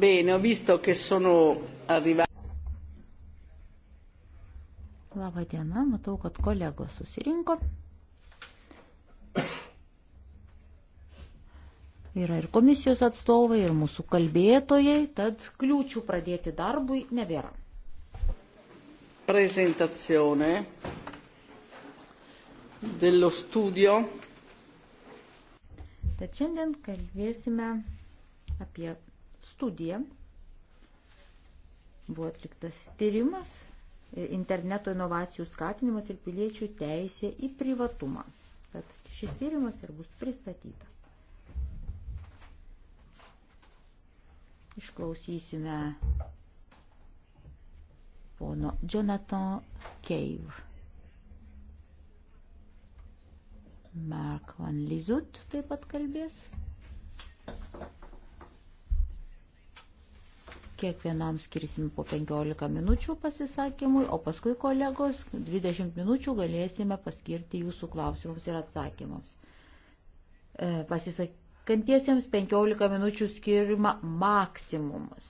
Bene, ho visto che sono arrivati. Labą dieną, matau, kad kolegos susirinko. Yra ir komisijos atstovai, ir mūsų kalbėtojai, tad kliūčių pradėti darbui nebėra. Prezentacione dello studio. Tad šiandien kalbėsime apie studiją. Buvo atliktas tyrimas e, interneto inovacijų skatinimas ir piliečių teisė į privatumą. Tad šis tyrimas ir bus pristatytas. Išklausysime pono Jonathan Cave. Mark Van Lizut taip pat kalbės. Kiekvienam skirsim po 15 minučių pasisakymui, o paskui kolegos 20 minučių galėsime paskirti jūsų klausimams ir atsakymams. E, pasisakantiesiems 15 minučių skirima maksimumas.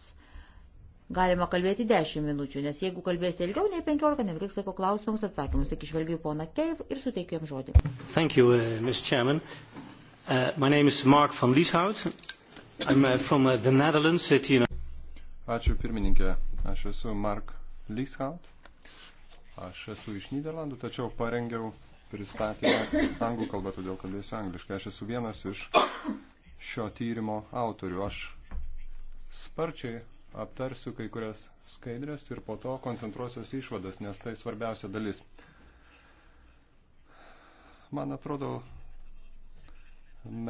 Galima kalbėti 10 minučių, nes jeigu kalbėsite ilgiau nei 15, nevyks laiko klausimams atsakymus. Tik išvelgiu poną Keiv ir suteikiu jam žodį. Thank you, uh, Mr. Chairman. Uh, my name is Mark van Lieshout. I'm uh, from uh, the Netherlands. It, you know... Ačiū pirmininkė. Aš esu Mark Lieshout. Aš esu iš Niderlandų, tačiau parengiau pristatymą anglų kalbą, todėl kalbėsiu angliškai. Aš esu vienas iš šio tyrimo autorių. Aš sparčiai aptarsiu kai kurias skaidrės ir po to koncentruosiuosi išvadas, nes tai svarbiausia dalis. Man atrodo,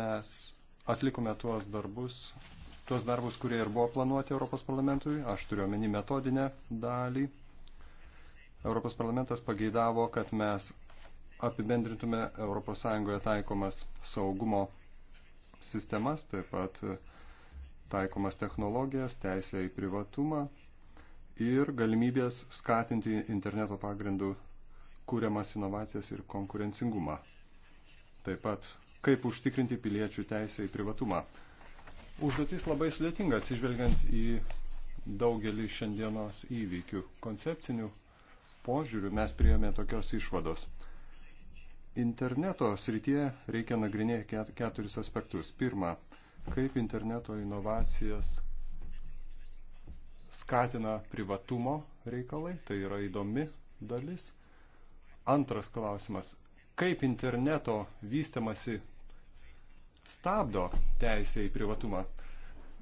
mes atlikome tuos darbus tuos darbus, kurie ir buvo planuoti Europos parlamentui. Aš turiu omeny metodinę dalį. Europos parlamentas pageidavo, kad mes apibendrintume ES taikomas saugumo sistemas, taip pat taikomas technologijas, teisę į privatumą ir galimybės skatinti interneto pagrindų kūriamas inovacijas ir konkurencingumą. Taip pat, kaip užtikrinti piliečių teisę į privatumą. Užduotis labai sudėtinga atsižvelgiant į daugelį šiandienos įvykių. Koncepcinių požiūrių mes priėmė tokios išvados. Interneto srityje reikia nagrinėti keturis aspektus. Pirma, kaip interneto inovacijas skatina privatumo reikalai, tai yra įdomi dalis. Antras klausimas, kaip interneto vystamasi stabdo teisę į privatumą.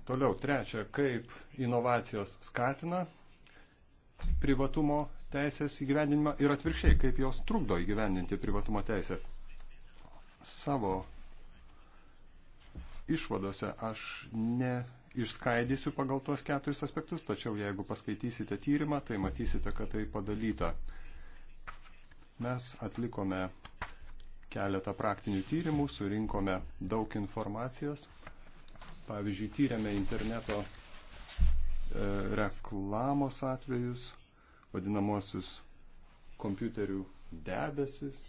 Toliau, trečia, kaip inovacijos skatina privatumo teisės įgyvendinimą ir atvirkščiai, kaip jos trukdo įgyvendinti privatumo teisę. Savo išvadose aš ne išskaidysiu pagal tuos keturis aspektus, tačiau jeigu paskaitysite tyrimą, tai matysite, kad tai padalyta. Mes atlikome keletą praktinių tyrimų, surinkome daug informacijos. Pavyzdžiui, tyrėme interneto e, reklamos atvejus, vadinamosius kompiuterių debesis,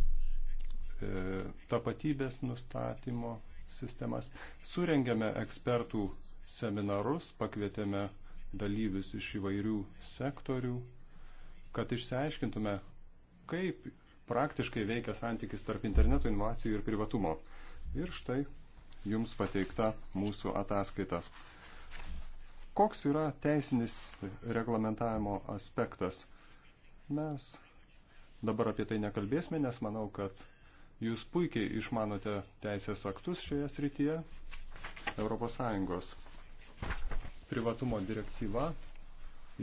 e, tapatybės nustatymo sistemas. Surengėme ekspertų seminarus, pakvietėme dalyvius iš įvairių sektorių, kad išsiaiškintume, kaip praktiškai veikia santykis tarp interneto inovacijų ir privatumo. Ir štai jums pateikta mūsų ataskaita. Koks yra teisinis reglamentavimo aspektas? Mes dabar apie tai nekalbėsime, nes manau, kad jūs puikiai išmanote teisės aktus šioje srityje ES. Privatumo direktyva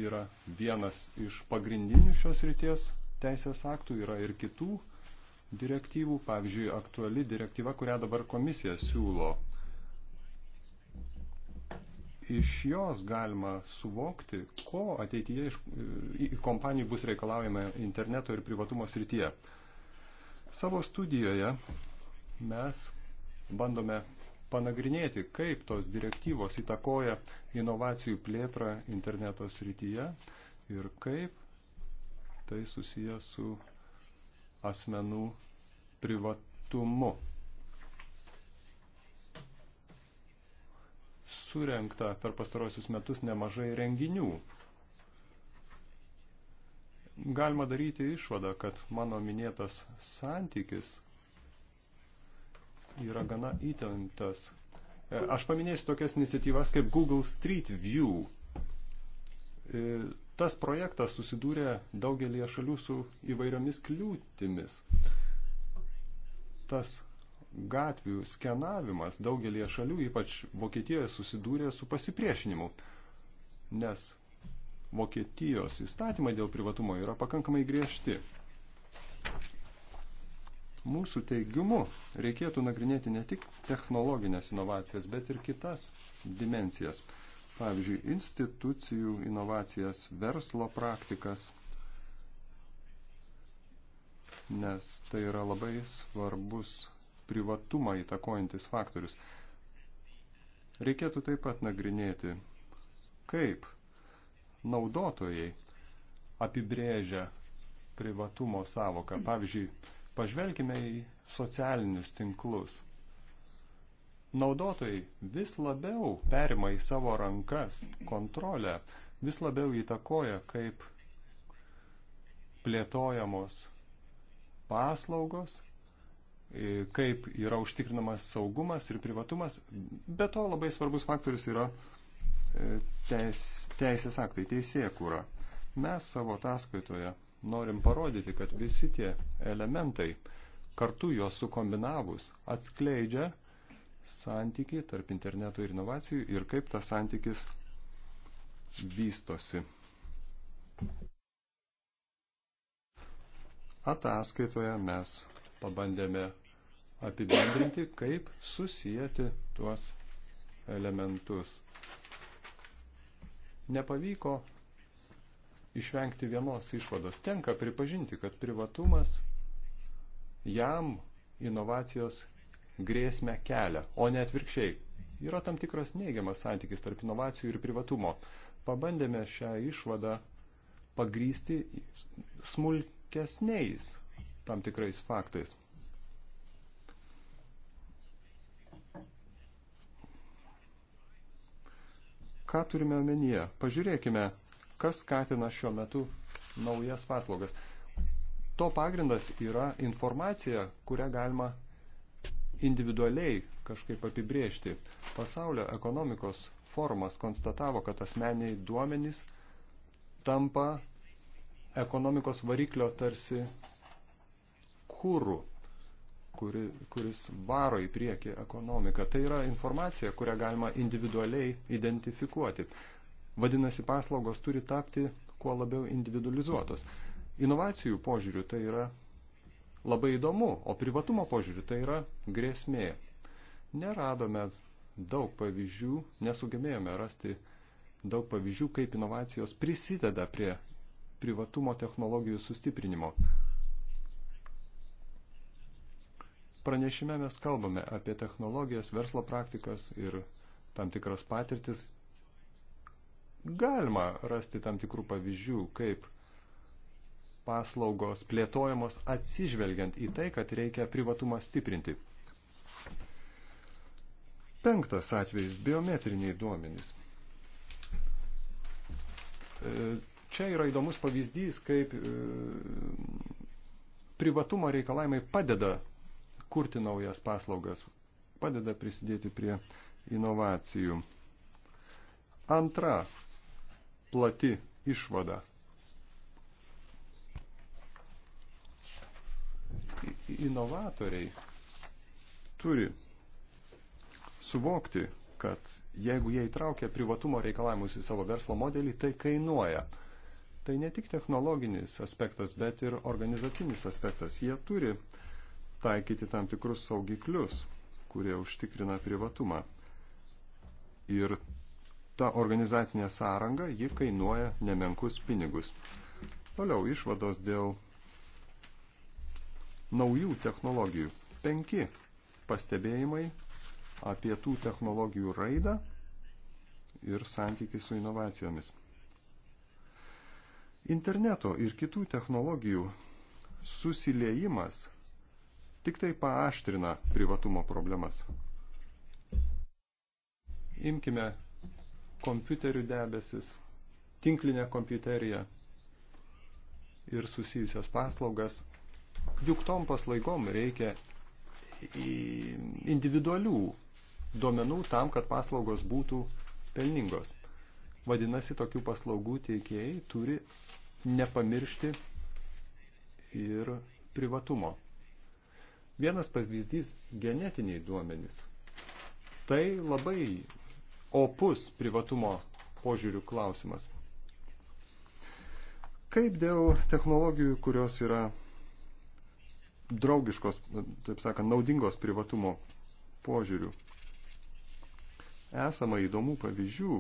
yra vienas iš pagrindinių šios ryties teisės aktų, yra ir kitų direktyvų, pavyzdžiui, aktuali direktyva, kurią dabar komisija siūlo. Iš jos galima suvokti, ko ateityje iš kompanijų bus reikalaujama interneto ir privatumo srityje. Savo studijoje mes bandome panagrinėti, kaip tos direktyvos įtakoja inovacijų plėtrą interneto srityje ir kaip tai susiję su asmenų privatumu. Surenkta per pastarosius metus nemažai renginių. Galima daryti išvadą, kad mano minėtas santykis yra gana įtemptas. E, aš paminėsiu tokias iniciatyvas kaip Google Street View e, tas projektas susidūrė daugelie šalių su įvairiomis kliūtimis. Tas gatvių skenavimas daugelie šalių, ypač Vokietijoje, susidūrė su pasipriešinimu, nes Vokietijos įstatymai dėl privatumo yra pakankamai griežti. Mūsų teigimu reikėtų nagrinėti ne tik technologinės inovacijas, bet ir kitas dimensijas pavyzdžiui, institucijų inovacijas, verslo praktikas, nes tai yra labai svarbus privatumą įtakojantis faktorius. Reikėtų taip pat nagrinėti, kaip naudotojai apibrėžia privatumo savoką. Pavyzdžiui, pažvelkime į socialinius tinklus – naudotojai vis labiau perima į savo rankas kontrolę, vis labiau įtakoja, kaip plėtojamos paslaugos, e, kaip yra užtikrinamas saugumas ir privatumas. Be to labai svarbus faktorius yra e, teis, teisės aktai, teisėje kūra. Mes savo ataskaitoje norim parodyti, kad visi tie elementai kartu juos sukombinavus atskleidžia santykį tarp interneto ir inovacijų ir kaip tas santykis vystosi. Ataskaitoje mes pabandėme apibendrinti, kaip susijęti tuos elementus. Nepavyko išvengti vienos išvados. Tenka pripažinti, kad privatumas jam inovacijos grėsmę kelia, o ne atvirkščiai. Yra tam tikras neigiamas santykis tarp inovacijų ir privatumo. Pabandėme šią išvadą pagrysti smulkesniais tam tikrais faktais. Ką turime omenyje? Pažiūrėkime, kas skatina šiuo metu naujas paslaugas. To pagrindas yra informacija, kurią galima individualiai kažkaip apibriežti. Pasaulio ekonomikos forumas konstatavo, kad asmeniai duomenys tampa ekonomikos variklio tarsi kūrų, kuri, kuris varo į priekį ekonomiką. Tai yra informacija, kurią galima individualiai identifikuoti. Vadinasi, paslaugos turi tapti kuo labiau individualizuotos. Inovacijų požiūrių tai yra labai įdomu, o privatumo požiūriu tai yra grėsmė. Neradome daug pavyzdžių, nesugebėjome rasti daug pavyzdžių, kaip inovacijos prisideda prie privatumo technologijų sustiprinimo. Pranešime mes kalbame apie technologijas, verslo praktikas ir tam tikras patirtis. Galima rasti tam tikrų pavyzdžių, kaip paslaugos plėtojamos atsižvelgiant į tai, kad reikia privatumą stiprinti. Penktas atvejis - biometriniai duomenys. E, čia yra įdomus pavyzdys, kaip e, privatumo reikalavimai padeda kurti naujas paslaugas, padeda prisidėti prie inovacijų. Antra plati išvada inovatoriai turi suvokti, kad jeigu jie įtraukia privatumo reikalavimus į savo verslo modelį, tai kainuoja. Tai ne tik technologinis aspektas, bet ir organizacinis aspektas. Jie turi taikyti tam tikrus saugiklius, kurie užtikrina privatumą. Ir ta organizacinė sąranga, ji kainuoja nemenkus pinigus. Toliau išvados dėl naujų technologijų. Penki pastebėjimai apie tų technologijų raidą ir santykį su inovacijomis. Interneto ir kitų technologijų susiliejimas tik tai paaštrina privatumo problemas. Imkime kompiuterių debesis, tinklinę kompiuteriją ir susijusias paslaugas Juk tom paslaigom reikia individualių duomenų tam, kad paslaugos būtų pelningos. Vadinasi, tokių paslaugų teikėjai turi nepamiršti ir privatumo. Vienas pavyzdys - genetiniai duomenys. Tai labai opus privatumo požiūrių klausimas. Kaip dėl technologijų, kurios yra draugiškos, taip sakant, naudingos privatumo požiūrių. Esama įdomų pavyzdžių,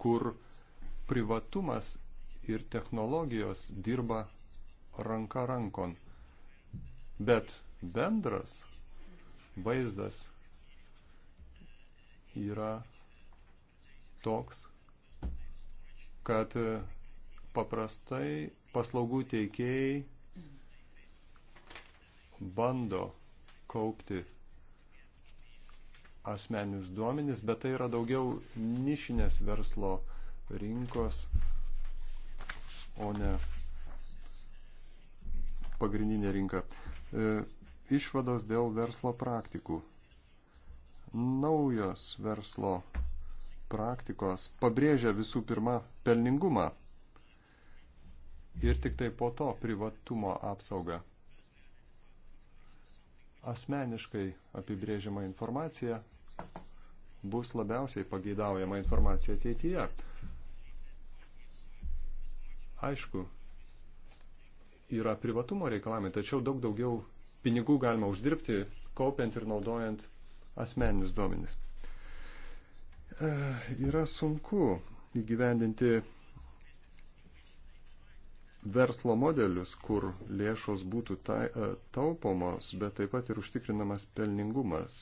kur privatumas ir technologijos dirba ranka rankon. Bet bendras vaizdas yra toks, kad paprastai paslaugų teikėjai bando kaupti asmeninius duomenis, bet tai yra daugiau nišinės verslo rinkos, o ne pagrindinė rinka. E, išvados dėl verslo praktikų. Naujos verslo praktikos pabrėžia visų pirma pelningumą ir tik tai po to privatumo apsaugą asmeniškai apibrėžiama informacija bus labiausiai pageidaujama informacija ateityje. Aišku, yra privatumo reikalavimai, tačiau daug daugiau pinigų galima uždirbti, kaupiant ir naudojant asmeninius duomenis. E, yra sunku įgyvendinti verslo modelius, kur lėšos būtų tai, taupomos, bet taip pat ir užtikrinamas pelningumas.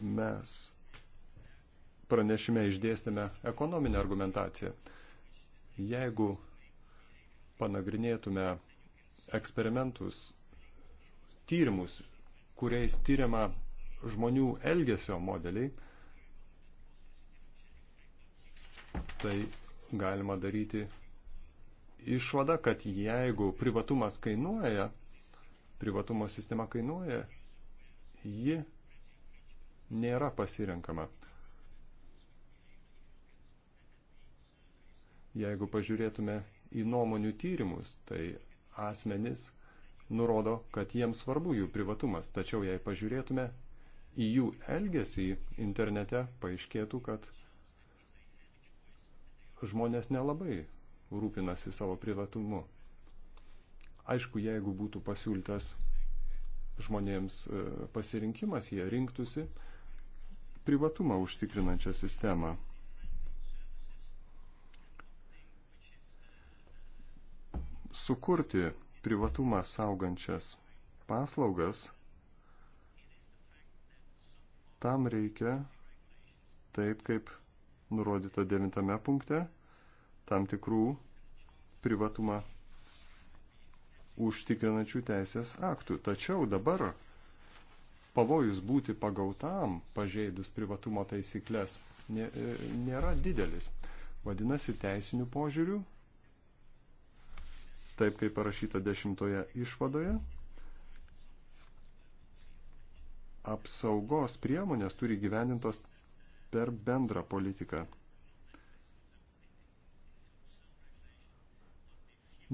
Mes pranešime išdėstėme ekonominę argumentaciją. Jeigu panagrinėtume eksperimentus, tyrimus, kuriais tyriama žmonių elgesio modeliai, tai galima daryti išvadą, kad jeigu privatumas kainuoja, privatumo sistema kainuoja, ji nėra pasirenkama. Jeigu pažiūrėtume į nuomonių tyrimus, tai asmenys nurodo, kad jiems svarbu jų privatumas, tačiau jei pažiūrėtume į jų elgesį internete, paaiškėtų, kad žmonės nelabai rūpinasi savo privatumu. Aišku, jeigu būtų pasiūlytas žmonėms e, pasirinkimas, jie rinktųsi privatumą užtikrinančią sistemą. Sukurti privatumą saugančias paslaugas tam reikia taip, kaip nurodyta devintame punkte, tam tikrų privatumą užtikrinančių teisės aktų. Tačiau dabar pavojus būti pagautam, pažeidus privatumo taisyklės, e, nėra didelis. Vadinasi, teisinių požiūrių, taip kaip parašyta dešimtoje išvadoje, apsaugos priemonės turi gyvenintos per bendrą politiką.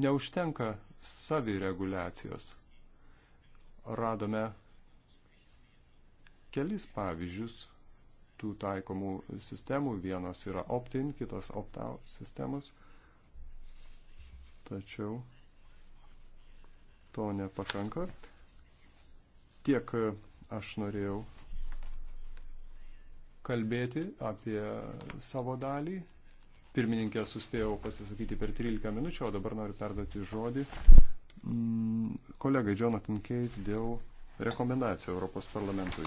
Neužtenka savireguliacijos. Radome kelis pavyzdžius tų taikomų sistemų. Vienos yra opt-in, kitos opt-out sistemos. Tačiau to nepakanka. Tiek aš norėjau kalbėti apie savo dalį. Pirmininkė suspėjau pasisakyti per 13 minučių, o dabar noriu perduoti žodį mm, kolegai Jonathan Keit dėl rekomendacijų Europos parlamentui.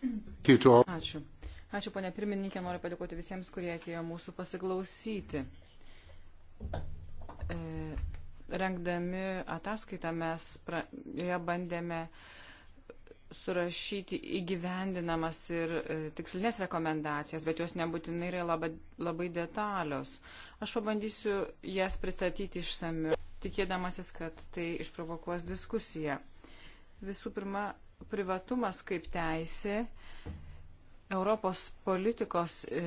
Ačiū. Ačiū, ponė pirmininkė, noriu padėkoti visiems, kurie atėjo mūsų pasiklausyti. E, rengdami ataskaitą mes pra, joje bandėme e, surašyti įgyvendinamas ir e, tikslinės rekomendacijas, bet jos nebūtinai yra labai, labai detalios. Aš pabandysiu jas pristatyti išsamiu, tikėdamasis, kad tai išprovokuos diskusiją. Visų pirma, privatumas kaip teisė Europos politikos e,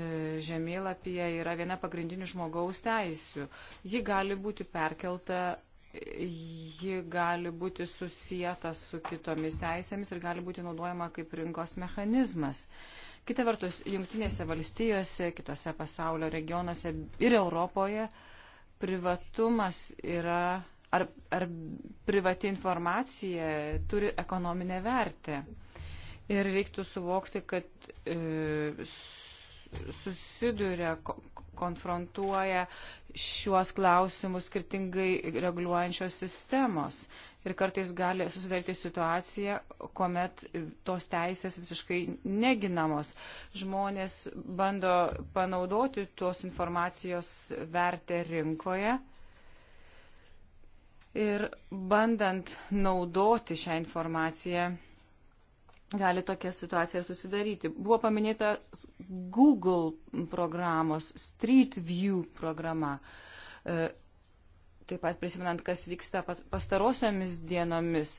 žemėlapyje yra viena pagrindinių žmogaus teisių. Ji gali būti perkelta ji gali būti susijęta su kitomis teisėmis ir gali būti naudojama kaip rinkos mechanizmas. Kita vertus, jungtinėse valstijose, kitose pasaulio regionuose ir Europoje privatumas yra, ar, ar privati informacija turi ekonominę vertę. Ir reiktų suvokti, kad e, susiduria, konfrontuoja šiuos klausimus skirtingai reguliuojančios sistemos. Ir kartais gali susidaryti situacija, kuomet tos teisės visiškai neginamos. Žmonės bando panaudoti tos informacijos vertę rinkoje. Ir bandant naudoti šią informaciją gali tokia situacija susidaryti. Buvo paminėta Google programos, Street View programa. E, taip pat prisimenant, kas vyksta pastarosiomis dienomis,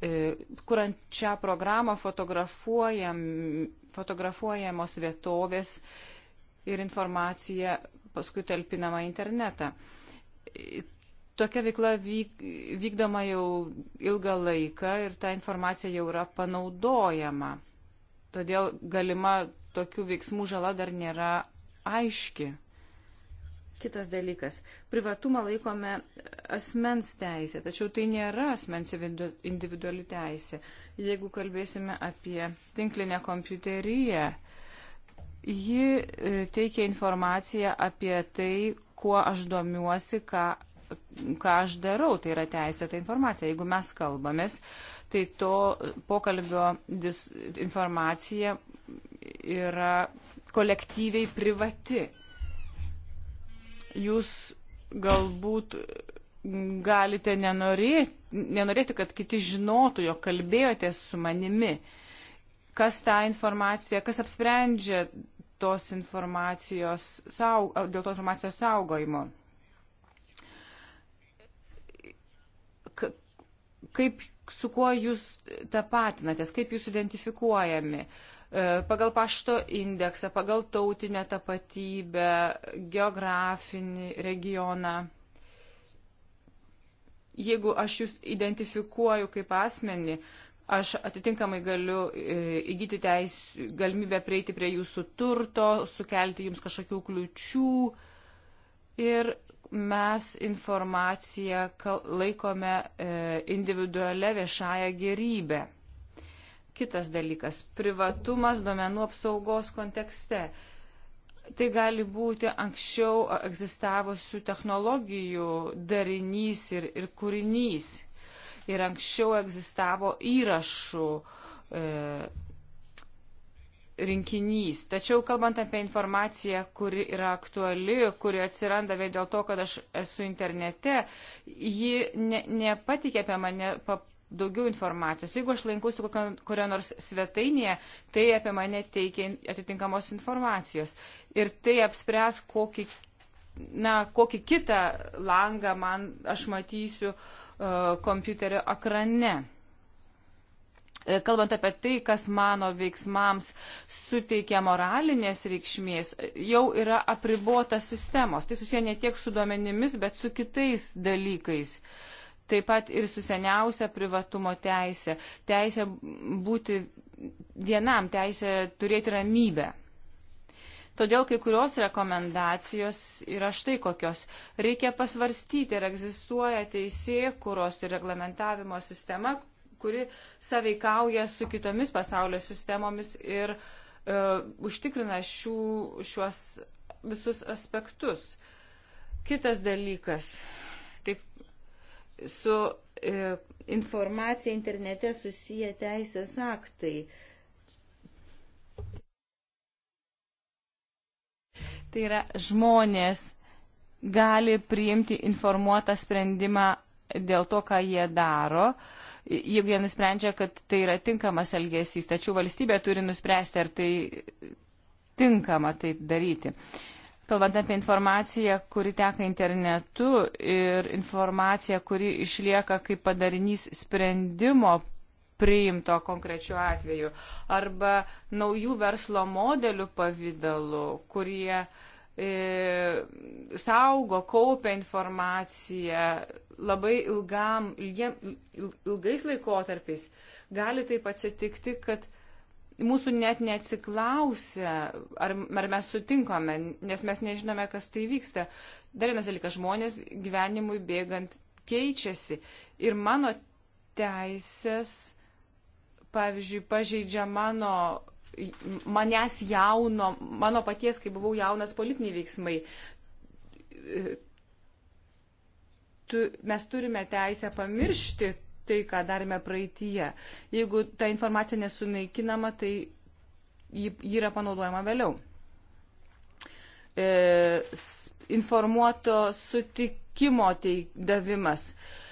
e, kuriant šią programą fotografuojam, fotografuojamos vietovės ir informacija paskui talpinama internetą tokia veikla vyk, vykdoma jau ilgą laiką ir ta informacija jau yra panaudojama. Todėl galima tokių veiksmų žala dar nėra aiški. Kitas dalykas. Privatumą laikome asmens teisė, tačiau tai nėra asmens individuali teisė. Jeigu kalbėsime apie tinklinę kompiuteriją, ji e, teikia informaciją apie tai, kuo aš domiuosi, ką ką aš darau, tai yra teisėta informacija. Jeigu mes kalbamės, tai to pokalbio dis, informacija yra kolektyviai privati. Jūs galbūt galite nenorėti, nenorėti, kad kiti žinotų, jog kalbėjote su manimi. Kas tą informaciją, kas apsprendžia tos informacijos, saug, dėl tos informacijos saugojimo. kaip, su kuo jūs tapatinatės, kaip jūs identifikuojami. E, pagal pašto indeksą, pagal tautinę tapatybę, geografinį regioną. Jeigu aš jūs identifikuoju kaip asmenį, aš atitinkamai galiu e, įgyti teis, galimybę prieiti prie jūsų turto, sukelti jums kažkokių kliučių ir mes informaciją laikome e, individualią viešąją gerybę. Kitas dalykas - privatumas duomenų apsaugos kontekste. Tai gali būti anksčiau egzistavusių technologijų darinys ir, ir kūrinys. Ir anksčiau egzistavo įrašų e, rinkinys. Tačiau kalbant apie informaciją, kuri yra aktuali, kuri atsiranda vien dėl to, kad aš esu internete, ji ne, nepatikė apie mane pap, daugiau informacijos. Jeigu aš lankusiu kurio nors svetainėje, tai apie mane teikia atitinkamos informacijos. Ir tai apspręs, kokį, na, kokį kitą langą man aš matysiu uh, kompiuterio ekrane. E, kalbant apie tai, kas mano veiksmams suteikia moralinės reikšmės, jau yra apribota sistemos. Tai susiję ne tiek su duomenimis, bet su kitais dalykais. Taip pat ir su seniausia privatumo teisė. Teisė būti vienam, teisė turėti ramybę. Todėl kai kurios rekomendacijos yra štai kokios. Reikia pasvarstyti, ar egzistuoja teisė, kuros ir reglamentavimo sistema, kuri saveikauja su kitomis pasaulio sistemomis ir e, užtikrina šių, šiuos visus aspektus. Kitas dalykas, taip, su e, informacija internete susiję teisės aktai. Tai yra žmonės gali priimti informuotą sprendimą dėl to, ką jie daro. E, jeigu jie nusprendžia, kad tai yra tinkamas elgesys, tačiau valstybė turi nuspręsti, ar tai tinkama tai daryti. Kalbant apie informaciją, kuri teka internetu ir informaciją, kuri išlieka kaip padarinys sprendimo priimto konkrečiu atveju arba naujų verslo modelių pavydalu, kurie uh, E, saugo, kaupia informaciją labai ilgam, ilgiem, ilgais laikotarpiais, gali taip atsitikti, kad mūsų net neatsiklausia, ar, ar mes sutinkame, nes mes nežinome, kas tai vyksta. Dar vienas dalykas, žmonės gyvenimui bėgant keičiasi. Ir mano teisės, pavyzdžiui, pažeidžia mano manęs jauno, mano paties, kai buvau jaunas, politiniai veiksmai. Tu, mes turime teisę pamiršti tai, ką darėme praeitįje. Jeigu ta informacija nesunaikinama, tai ji yra panaudojama vėliau. E, informuoto sutikimo teidavimas. E,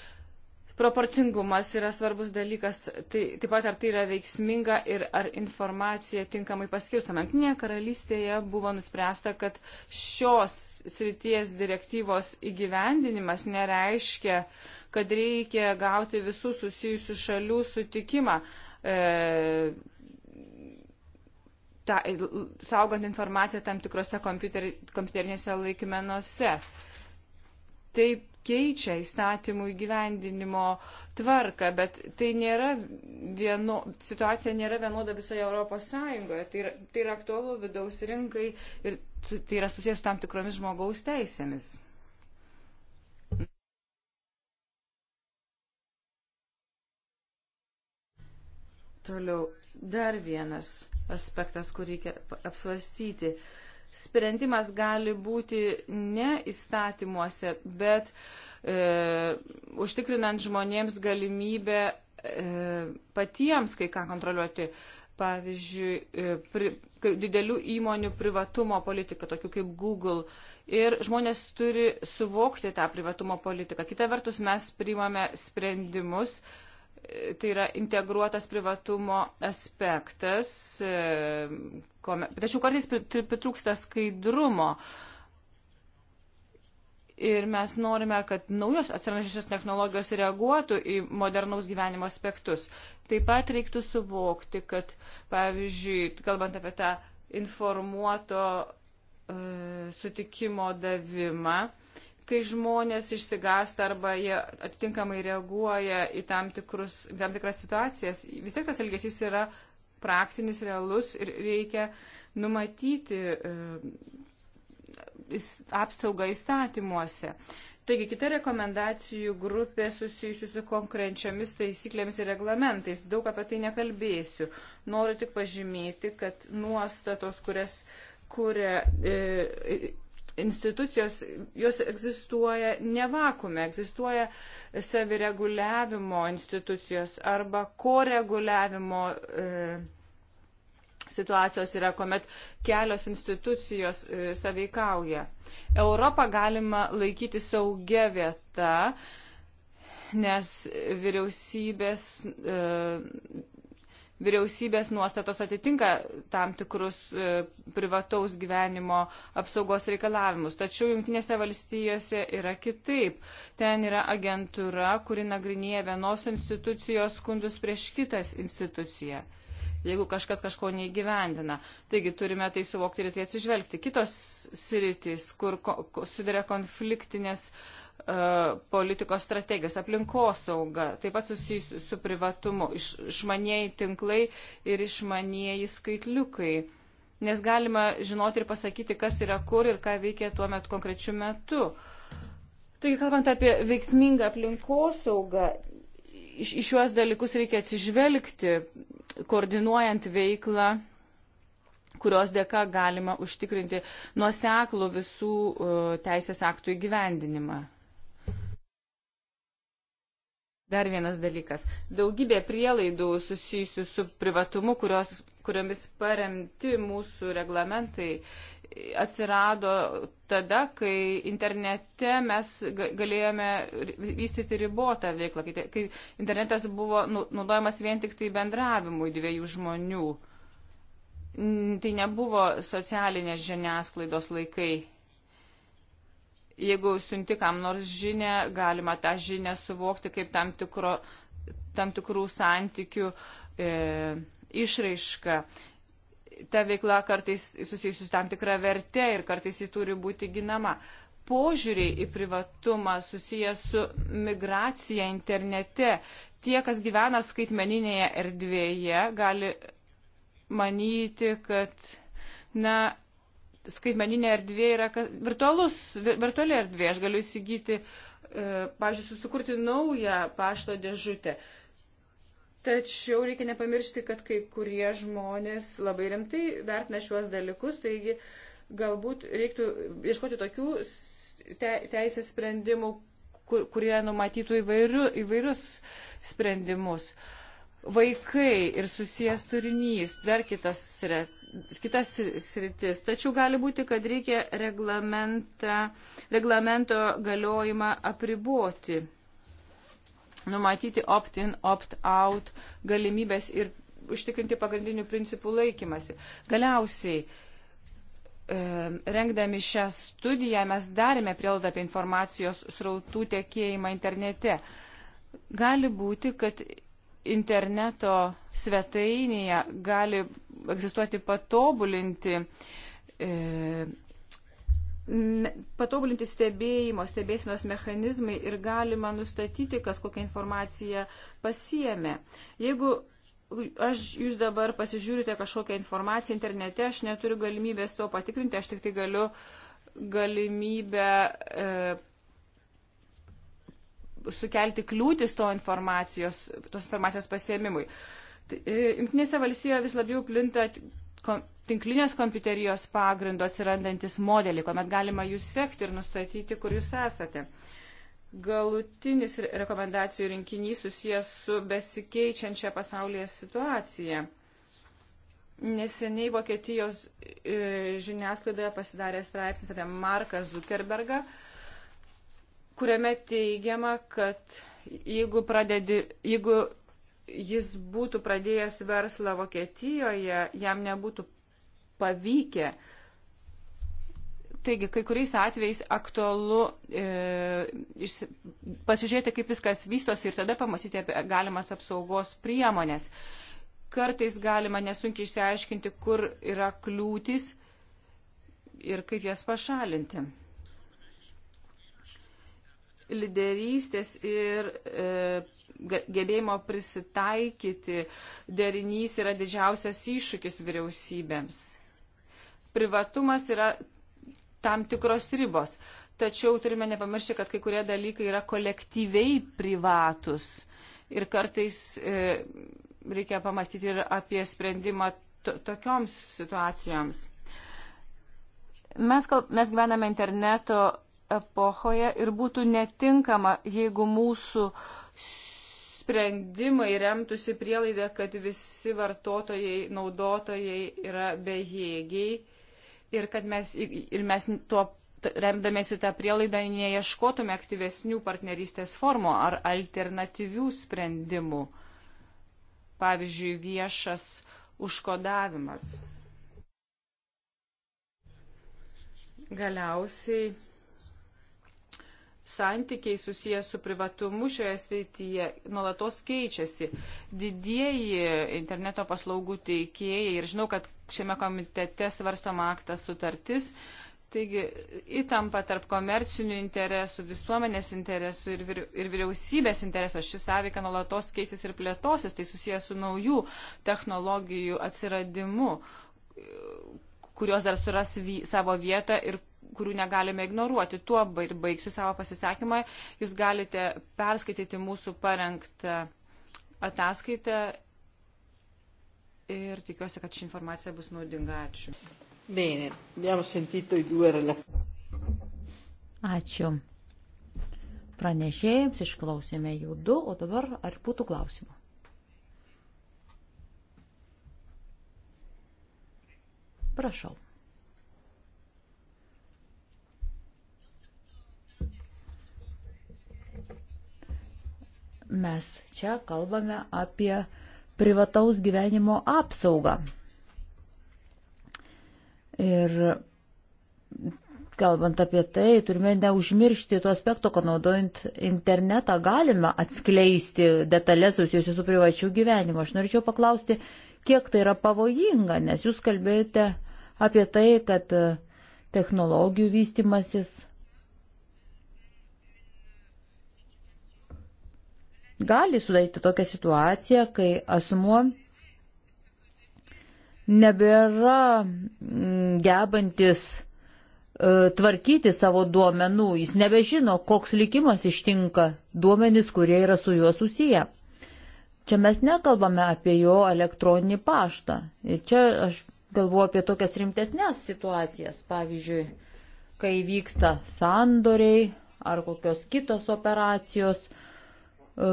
proporcingumas yra svarbus dalykas, tai, taip pat ar tai yra veiksminga ir ar informacija tinkamai paskirstama. Antinėje karalystėje buvo nuspręsta, kad šios srities direktyvos įgyvendinimas nereiškia, kad reikia gauti visų susijusių šalių sutikimą. E, Ta, saugant informaciją tam tikrose kompiuterinėse laikmenuose. Taip keičia įstatymų įgyvendinimo tvarką, bet tai nėra vieno, situacija nėra vienoda visoje Europos Sąjungoje. Tai yra, tai yra aktualu vidaus rinkai ir tai yra susijęs su tam tikromis žmogaus teisėmis. Toliau dar vienas aspektas, kurį reikia apsvarstyti. Uh, sprendimas gali būti ne įstatymuose, bet e, užtikrinant žmonėms galimybę e, patiems kai ką kontroliuoti. Pavyzdžiui, e, pri, didelių įmonių privatumo politika, tokių kaip Google. Ir žmonės turi suvokti tą privatumo politiką. Kita vertus, mes priimame sprendimus, e, tai yra integruotas privatumo aspektas, e, tačiau kartais pritrūksta skaidrumo. Ir mes norime, kad naujos atsirandančios technologijos reaguotų į modernaus gyvenimo aspektus. Taip pat reiktų suvokti, kad, pavyzdžiui, kalbant apie tą informuoto e, sutikimo davimą, e, kai žmonės išsigąsta arba jie atitinkamai reaguoja į tam, tikrus, tam tikras situacijas, vis tiek tas elgesys yra praktinis, realus ir reikia numatyti e, apsaugą įstatymuose. Taigi kita rekomendacijų grupė susijusių su konkrečiomis taisyklėmis ir reglamentais. Daug apie tai nekalbėsiu. Noriu tik pažymėti, kad nuostatos, kurias kuria e, institucijos, jos egzistuoja ne vakume, egzistuoja savireguliavimo institucijos arba koreguliavimo e, situacijos yra, kuomet kelios institucijos e, saveikauja. Europą galima laikyti saugia vieta, nes vyriausybės e, vyriausybės nuostatos atitinka tam tikrus e, privataus gyvenimo apsaugos reikalavimus. Tačiau Junktinėse valstijose yra kitaip. Ten yra agentūra, kuri nagrinėja vienos institucijos skundus prieš kitas instituciją jeigu kažkas kažko neįgyvendina. Taigi turime tai suvokti ir tai atsižvelgti. Kitos sritys, kur ko, sudarė konfliktinės uh, E, politikos strategijos, aplinkosauga, taip pat susijusi su privatumu, iš, išmanieji tinklai ir išmanieji skaitliukai. Nes galima žinoti ir pasakyti, kas yra kur ir ką veikia tuo metu konkrečiu metu. Taigi, kalbant apie veiksmingą aplinkosaugą, iš, iš juos dalykus reikia atsižvelgti, koordinuojant veiklą kurios dėka galima užtikrinti nuoseklų visų e, teisės aktų įgyvendinimą. Dar vienas dalykas. Daugybė prielaidų susijusių su privatumu, kurios, kuriomis paremti mūsų reglamentai, atsirado tada, kai internete mes galėjome vystyti ribotą veiklą, kai, kai internetas buvo nu, naudojamas vien tik tai bendravimui dviejų žmonių. Tai nebuvo socialinės žiniasklaidos laikai jeigu siunti kam nors žinę, galima tą žinę suvokti kaip tam, tikro, tam tikrų santykių e, išraišką. Ta veikla kartais susijusi su tam tikra verte ir kartais ji turi būti ginama. Požiūriai į privatumą susijęs su migracija internete. Tie, kas gyvena skaitmeninėje erdvėje, gali manyti, kad na, skaitmeninė erdvė yra virtualus, virtuali erdvė. Aš galiu įsigyti, e, pažiūrėjau, sukurti naują pašto dėžutę. Tačiau reikia nepamiršti, kad kai kurie žmonės labai rimtai vertina šiuos dalykus, taigi galbūt reiktų ieškoti tokių teisės sprendimų, kur, kurie numatytų įvairių, įvairius sprendimus. Vaikai ir susijęs turinys, dar kitas kitas sritis. Tačiau gali būti, kad reikia reglamento galiojimą apriboti, numatyti opt-in, opt-out galimybės ir užtikrinti pagrindinių principų laikymasi. Galiausiai, e, rengdami šią studiją, mes darėme prielaidą apie informacijos srautų tekėjimą internete. Gali būti, kad interneto svetainėje gali egzistuoti patobulinti, e, patobulinti stebėjimo, stebėsinos mechanizmai ir galima nustatyti, kas kokią informaciją pasiemė. Jeigu aš jūs dabar pasižiūrite kažkokią informaciją internete, aš neturiu galimybės to patikrinti, aš tik tai galiu galimybę e, sukelti kliūtis to informacijos, tos informacijos pasiemimui. E, Junktinėse valstijoje vis labiau plinta tinklinės kompiuterijos pagrindo atsirandantis modelį, kuomet galima jūs sekti ir nustatyti, kur jūs esate. Galutinis rekomendacijų rinkinys susijęs su besikeičiančia pasaulyje situacija. Neseniai Vokietijos e, žiniasklaidoje pasidarė straipsnis apie Marką Zuckerbergą, kuriame teigiama, kad jeigu, pradedi, jeigu jis būtų pradėjęs verslą Vokietijoje, jam nebūtų pavykę. Taigi, kai kuriais atvejais aktualu e, iš, pasižiūrėti, kaip viskas vystosi ir tada pamasyti apie galimas apsaugos priemonės. Kartais galima nesunkiai išsiaiškinti, kur yra kliūtis ir kaip jas pašalinti lyderystės ir e, gebėjimo prisitaikyti derinys yra didžiausias iššūkis vyriausybėms. Privatumas yra tam tikros ribos, tačiau turime nepamiršti, kad kai kurie dalykai yra kolektyviai privatus ir kartais e, reikia pamastyti ir apie sprendimą to, tokioms situacijoms. Mes, kal, mes gyvename interneto epochoje ir būtų netinkama, jeigu mūsų sprendimai remtųsi prielaidą, kad visi vartotojai, naudotojai yra bejėgiai ir kad mes, ir mes tuo remdamėsi tą prielaidą neieškotume aktyvesnių partnerystės formų ar alternatyvių sprendimų. Pavyzdžiui, viešas užkodavimas. Galiausiai santykiai susijęs su privatumu šioje srityje nuolatos keičiasi. Didieji interneto paslaugų teikėjai ir žinau, kad šiame komitete svarstama aktas sutartis. Taigi įtampa tarp komercinių interesų, visuomenės interesų ir, vir, ir vyriausybės interesų, ši sąveika nuolatos keisis ir plėtosis, tai susijęs su naujų technologijų atsiradimu, kurios dar suras vy, savo vietą ir kurių negalime ignoruoti. Tuo ir baigsiu savo pasisakymą. Jūs galite perskaityti mūsų parengtą ataskaitą ir tikiuosi, kad ši informacija bus naudinga. Ačiū. Bene, abbiamo sentito i due relatori. Ačiū. Pranešėjams išklausėme jų du, o dabar ar būtų klausimų? Prašau. Mes čia kalbame apie privataus gyvenimo apsaugą. Ir kalbant apie tai, turime neužmiršti to aspekto, kad naudojant internetą galime atskleisti detalės susijusius su privačiu gyvenimu. Aš norėčiau paklausti, kiek tai yra pavojinga, nes jūs kalbėjote apie tai, kad technologijų vystimasis gali sudaryti tokią situaciją, kai asmuo nebėra mm, gebantis e, tvarkyti savo duomenų, jis nebežino, koks likimas ištinka duomenys, kurie yra su juo susiję. Čia mes nekalbame apie jo elektroninį paštą. Ir čia aš galvoju apie tokias rimtesnės situacijas, pavyzdžiui, kai vyksta sandoriai ar kokios kitos operacijos, E,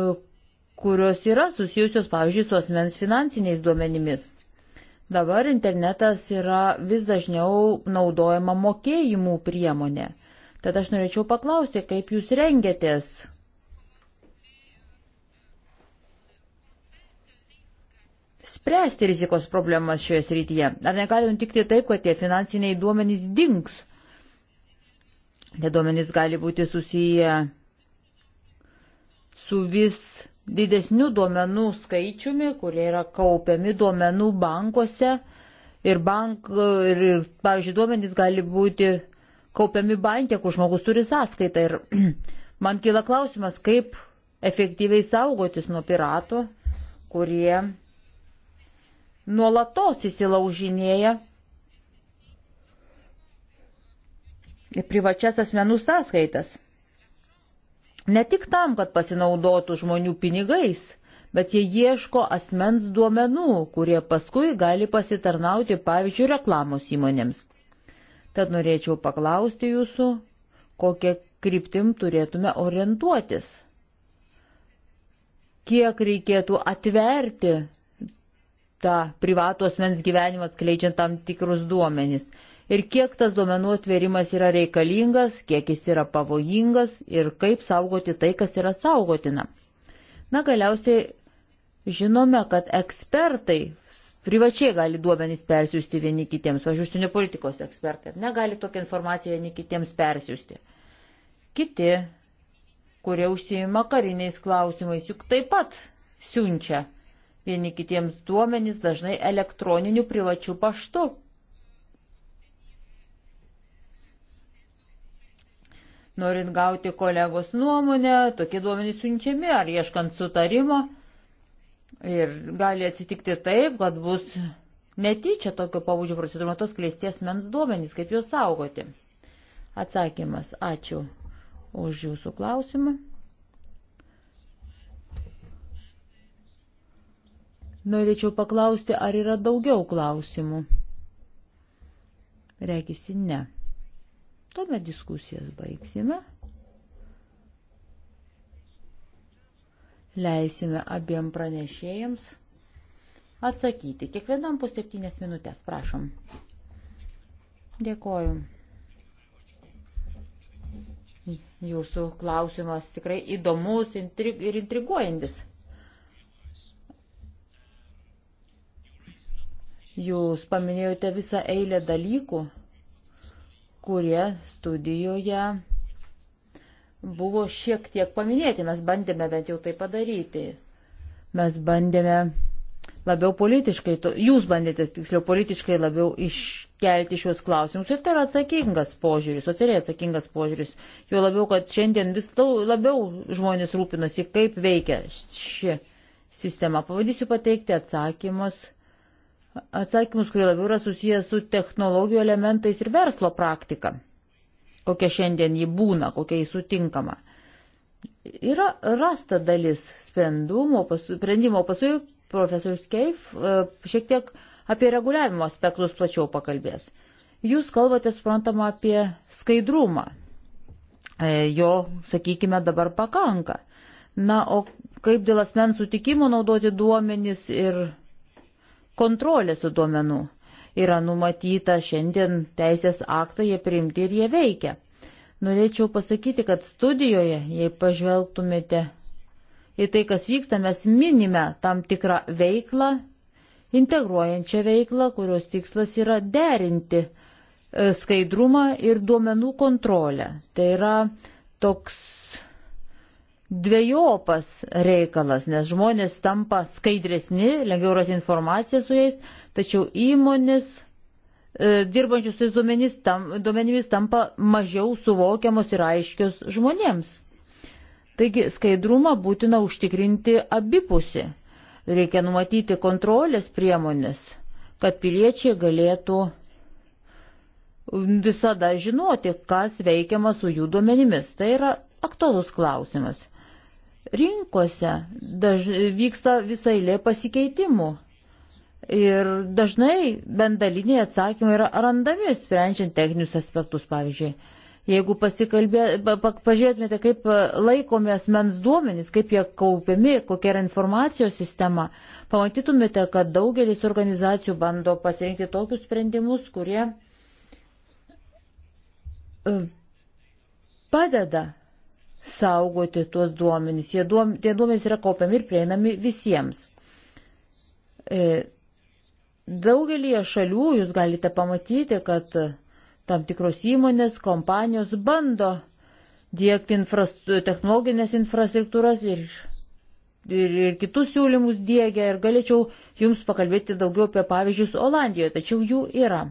kurios yra susijusios, pavyzdžiui, su asmens finansiniais duomenimis. Dabar internetas yra vis dažniau naudojama mokėjimų priemonė. Tad aš norėčiau paklausti, kaip jūs rengiatės spręsti rizikos problemas šioje srityje. Ar negali nutikti taip, kad tie finansiniai duomenys dinks? Tie duomenys gali būti susiję su vis didesniu duomenų skaičiumi, kurie yra kaupiami duomenų bankuose ir, bank, ir, ir pavyzdžiui, duomenys gali būti kaupiami bankė, kur žmogus turi sąskaitą. Ir man kyla klausimas, kaip efektyviai saugotis nuo piratų, kurie nuolatos įsilaužinėja privačias asmenų sąskaitas ne tik tam, kad pasinaudotų žmonių pinigais, bet jie ieško asmens duomenų, kurie paskui gali pasitarnauti, pavyzdžiui, reklamos įmonėms. Tad norėčiau paklausti jūsų, kokią kryptim turėtume orientuotis. Kiek reikėtų atverti tą privatų asmens gyvenimą skleidžiant tam tikrus duomenys ir kiek tas duomenų atverimas yra reikalingas, kiek jis yra pavojingas ir kaip saugoti tai, kas yra saugotina. Na, galiausiai žinome, kad ekspertai privačiai gali duomenys persiųsti vieni kitiems, važiuoju, užsienio politikos ekspertai, negali tokią informaciją vieni kitiems persiųsti. Kiti, kurie užsijima kariniais klausimais, juk taip pat siunčia vieni kitiems duomenys dažnai elektroniniu privačiu paštu. norint gauti kolegos nuomonę, tokie duomenys siunčiami ar ieškant sutarimo. Ir gali atsitikti taip, kad bus netyčia tokio pavūdžio procedūro tos kleisties mens duomenys, kaip juos saugoti. Atsakymas. Ačiū už jūsų klausimą. Norėčiau paklausti, ar yra daugiau klausimų. Regisi ne. Tuomet diskusijas baigsime. Leisime abiem pranešėjams atsakyti. Kiekvienam po septynės minutės, prašom. Dėkoju. Jūsų klausimas tikrai įdomus intrig ir intriguojantis. Jūs paminėjote visą eilę dalykų, kurie studijoje buvo šiek tiek paminėti. Mes bandėme bent jau tai padaryti. Mes bandėme labiau politiškai, to, jūs bandėte tiksliau politiškai labiau iškelti šios klausimus ir tai yra atsakingas požiūris, socialiai atsakingas požiūris. Jo labiau, kad šiandien vis labiau žmonės rūpinasi, kaip veikia ši sistema. Pavadysiu pateikti atsakymus atsakymus, kurie labiau yra susijęs su technologijų elementais ir verslo praktika, kokia šiandien jį būna, kokia jį sutinkama. Yra rasta dalis sprendimo, pasu, sprendimo paskui profesorius Keif e, šiek tiek apie reguliavimo aspektus plačiau pakalbės. Jūs kalbate, suprantama, apie skaidrumą. E, jo, sakykime, dabar pakanka. Na, o kaip dėl asmens sutikimo naudoti duomenis ir kontrolė su duomenų. Yra numatyta šiandien teisės aktai, jie priimti ir jie veikia. Norėčiau pasakyti, kad studijoje, jei pažvelgtumėte į tai, kas vyksta, mes minime tam tikrą veiklą, integruojančią veiklą, kurios tikslas yra derinti e, skaidrumą ir duomenų kontrolę. Tai yra toks dviejopas reikalas, nes žmonės tampa skaidresni, lengviau rasti informaciją su jais, tačiau įmonės e, dirbančius su duomenys, tam, duomenimis tampa mažiau suvokiamos ir aiškios žmonėms. Taigi skaidrumą būtina užtikrinti abipusi. Reikia numatyti kontrolės priemonės, kad piliečiai galėtų visada žinoti, kas veikiama su jų duomenimis. Tai yra aktualus klausimas rinkose daž, vyksta visai lė pasikeitimų. Ir dažnai bendaliniai atsakymai yra randami, sprendžiant techninius aspektus, pavyzdžiui. Jeigu pažiūrėtumėte, kaip laikomi asmens duomenys, kaip jie kaupiami, kokia yra informacijos sistema, pamatytumėte, kad daugelis organizacijų bando pasirinkti tokius sprendimus, kurie e, padeda saugoti tuos duomenys. Jie duom, tie duomenys yra kaupiami ir prieinami visiems. E, Daugelį šalių jūs galite pamatyti, kad tam tikros įmonės, kompanijos bando dėkti infras, technologinės infrastruktūras ir, ir, ir kitus siūlymus dėgia ir galėčiau jums pakalbėti daugiau apie pavyzdžius Olandijoje, tačiau jų yra.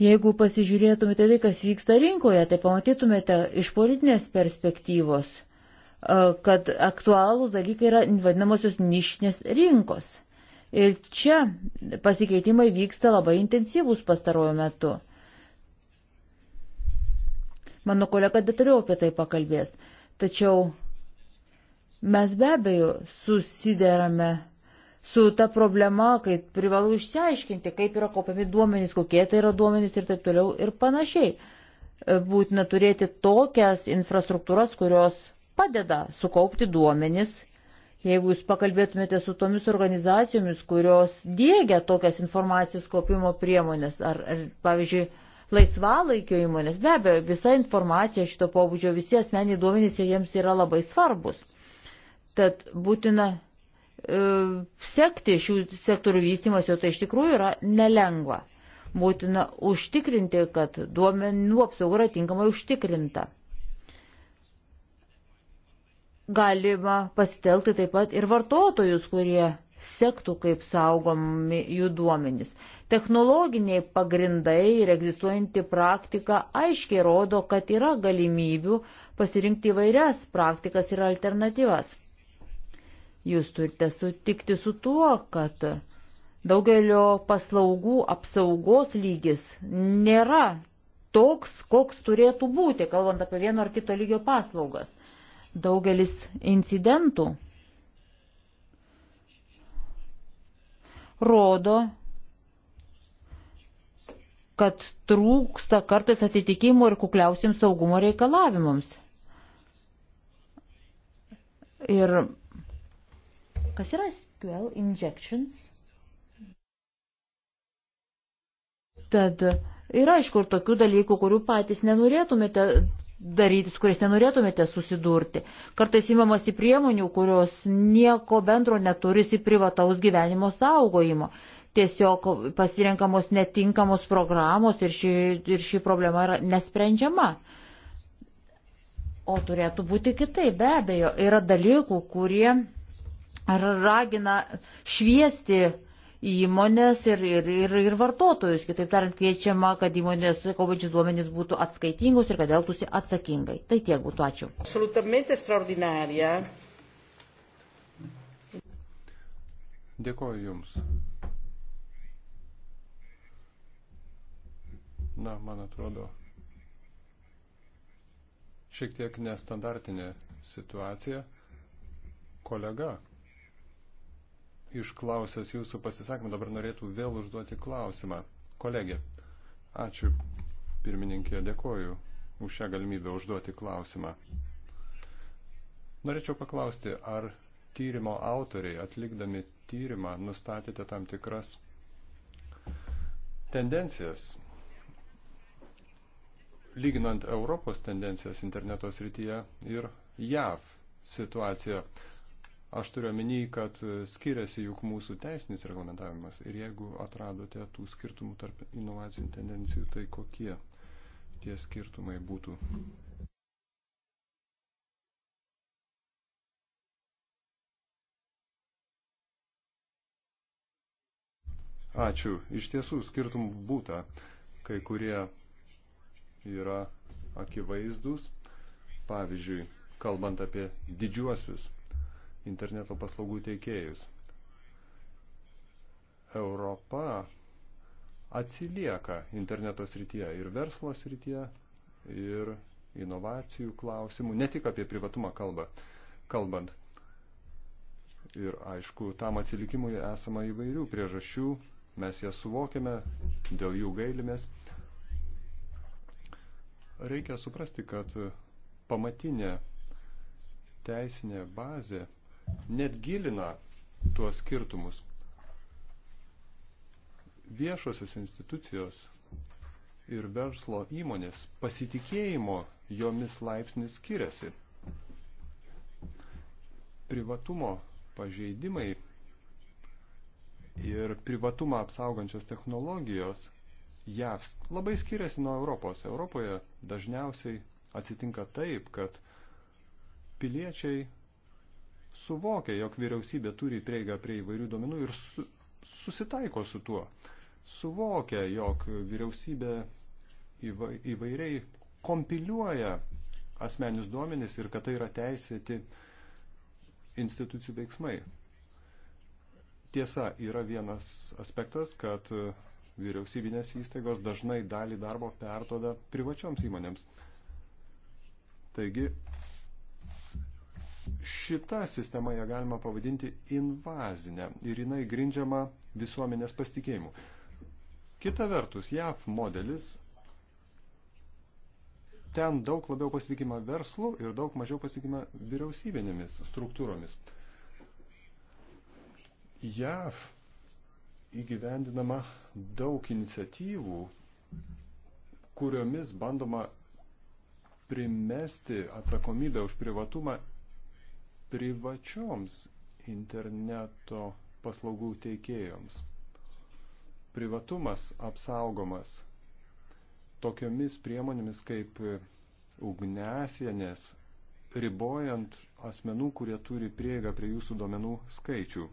Jeigu pasižiūrėtumėte tai, kas vyksta rinkoje, tai pamatytumėte iš politinės perspektyvos, e, kad aktualūs dalykai yra vadinamosios nišinės rinkos. Ir čia pasikeitimai vyksta labai intensyvūs pastaruoju metu. Mano kolega detaliau apie tai pakalbės. Tačiau mes be abejo susiderame su ta problema, kai privalu išsiaiškinti, kaip yra kopiami duomenys, kokie tai yra duomenys ir taip toliau ir panašiai. E, būtina turėti tokias infrastruktūras, kurios padeda sukaupti duomenys. Jeigu jūs pakalbėtumėte su tomis organizacijomis, kurios dėgia tokias informacijos kopimo priemonės, ar, ar pavyzdžiui, laisvalaikio įmonės, be abejo, visa informacija šito pobūdžio, visi asmeniai duomenys jiems yra labai svarbus. Tad būtina E, sekti šių sektorių vystimas, jo tai iš tikrųjų yra nelengva. Būtina užtikrinti, kad duomenų apsauga yra tinkamai užtikrinta. Galima pasitelkti taip pat ir vartotojus, kurie sektų, kaip saugomi jų duomenys. Technologiniai pagrindai ir egzistuojanti praktika aiškiai rodo, kad yra galimybių pasirinkti įvairias praktikas ir alternatyvas. Jūs turite sutikti su tuo, kad daugelio paslaugų apsaugos lygis nėra toks, koks turėtų būti, kalbant apie vieno ar kito lygio paslaugas. Daugelis incidentų rodo, kad trūksta kartais atitikimų ir kukliausiams saugumo reikalavimams. Ir Kas yra SQL injections? Tad yra aišku ir tokių dalykų, kurių patys nenorėtumėte daryti, su kuriais nenorėtumėte susidurti. Kartais įmamasi priemonių, kurios nieko bendro neturi į privataus gyvenimo saugojimo. Tiesiog pasirenkamos netinkamos programos ir ši, ir ši problema yra nesprendžiama. O turėtų būti kitai, be abejo, yra dalykų, kurie ragina šviesti įmonės ir, ir, ir, ir vartotojus. Kitaip tariant, kviečiama, kad įmonės kaupančius duomenys būtų atskaitingos ir kad elgtųsi atsakingai. Tai tiek būtų. Ačiū. Absolutamente extraordinaria. Dėkoju Jums. Na, man atrodo, šiek tiek nestandartinė situacija. Kolega išklausęs jūsų pasisakymą, dabar norėtų vėl užduoti klausimą. Kolegė, ačiū pirmininkė, dėkoju už šią galimybę užduoti klausimą. Norėčiau paklausti, ar tyrimo autoriai atlikdami tyrimą nustatėte tam tikras tendencijas, lyginant Europos tendencijas interneto srityje ir JAV situaciją. Aš turiu omeny, kad skiriasi juk mūsų teisinis reglamentavimas ir jeigu atradote tų skirtumų tarp inovacijų tendencijų, tai kokie tie skirtumai būtų? Ačiū. Iš tiesų skirtumų būta. Kai kurie yra akivaizdus. Pavyzdžiui, kalbant apie didžiuosius interneto paslaugų teikėjus. Europa atsilieka interneto srityje ir verslo srityje, ir inovacijų klausimų, ne tik apie privatumą kalbą, kalbant. Ir aišku, tam atsilikimui esama įvairių priežasčių, mes jas suvokiame, dėl jų gailimės. Reikia suprasti, kad pamatinė teisinė bazė net gilina tuos skirtumus. Viešosios institucijos ir verslo įmonės pasitikėjimo jomis laipsnis skiriasi. Privatumo pažeidimai ir privatumą apsaugančios technologijos JAV labai skiriasi nuo Europos. Europoje dažniausiai atsitinka taip, kad piliečiai suvokia, jog vyriausybė turi prieigą prie įvairių domenų ir su, susitaiko su tuo. Suvokia, jog vyriausybė įva, įvairiai kompiliuoja asmenius duomenis ir kad tai yra teisėti institucijų veiksmai. Tiesa, yra vienas aspektas, kad vyriausybinės įstaigos dažnai dalį darbo pertoda privačioms įmonėms. Taigi, šita sistema ją galima pavadinti invazinę ir jinai grindžiama visuomenės pasitikėjimu. Kita vertus, JAF modelis ten daug labiau pasitikima verslu ir daug mažiau pasitikima vyriausybinėmis struktūromis. JAV įgyvendinama daug iniciatyvų, kuriomis bandoma primesti atsakomybę už privatumą privačioms interneto paslaugų teikėjoms. Privatumas apsaugomas tokiomis priemonėmis kaip ugnesienės, ribojant asmenų, kurie turi prieigą prie jūsų duomenų skaičių.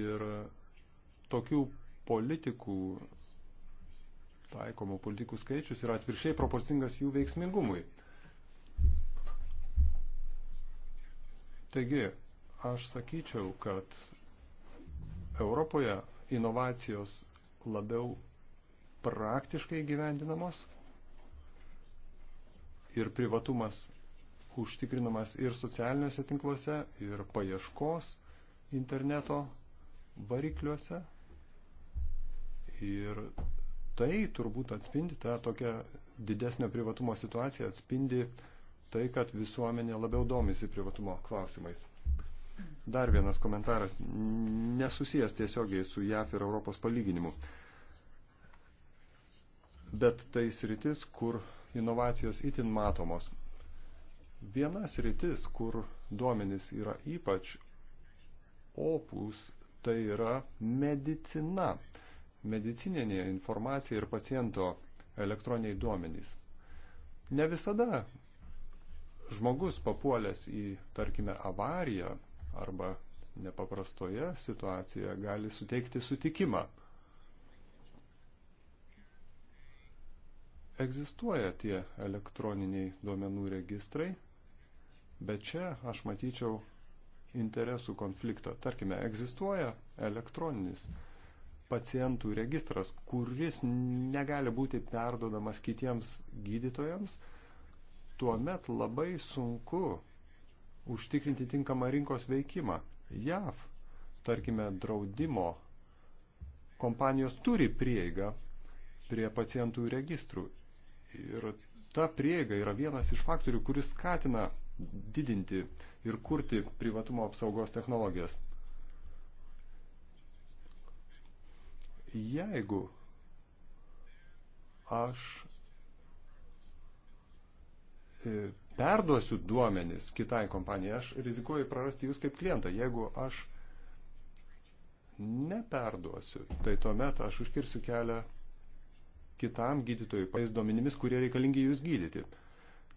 Ir tokių politikų taikomų politikų skaičius yra atvirkščiai proporcingas jų veiksmingumui. Taigi, aš sakyčiau, kad Europoje inovacijos labiau praktiškai gyvendinamos ir privatumas užtikrinamas ir socialiniuose tinkluose, ir paieškos interneto varikliuose. Ir tai turbūt atspindi tą tokią didesnio privatumo situaciją, atspindi tai, kad visuomenė labiau domisi privatumo klausimais. Dar vienas komentaras, nesusijęs tiesiogiai su JAF ir Europos palyginimu. Bet tai sritis, kur inovacijos itin matomos. Viena sritis, kur duomenys yra ypač opus, tai yra medicina medicininė informacija ir paciento elektroniniai duomenys. Ne visada žmogus papuolęs į, tarkime, avariją arba nepaprastoje situacijoje gali suteikti sutikimą. Egzistuoja tie elektroniniai duomenų registrai, bet čia aš matyčiau interesų konfliktą. Tarkime, egzistuoja elektroninis pacientų registras, kuris negali būti perdodamas kitiems gydytojams, tuomet labai sunku užtikrinti tinkamą rinkos veikimą. JAV, tarkime, draudimo kompanijos turi prieigą prie pacientų registrų. Ir ta prieiga yra vienas iš faktorių, kuris skatina didinti ir kurti privatumo apsaugos technologijas. Jeigu aš e, perduosiu duomenis kitai kompanijai, aš rizikuoju prarasti jūs kaip klientą. Jeigu aš neperduosiu, tai tuomet aš užkirsiu kelią kitam gydytojui, pais duomenimis, kurie reikalingi jūs gydyti.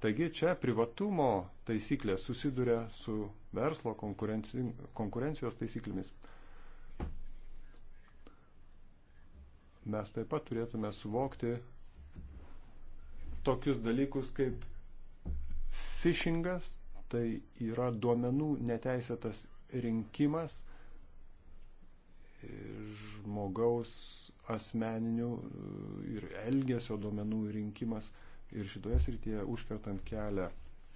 Taigi čia privatumo taisyklė susiduria su verslo konkurencijos taisyklėmis. mes taip pat turėtume suvokti tokius dalykus kaip phishingas, tai yra duomenų neteisėtas rinkimas žmogaus asmeninių e, ir elgesio duomenų rinkimas ir šitoje srityje užkertant kelią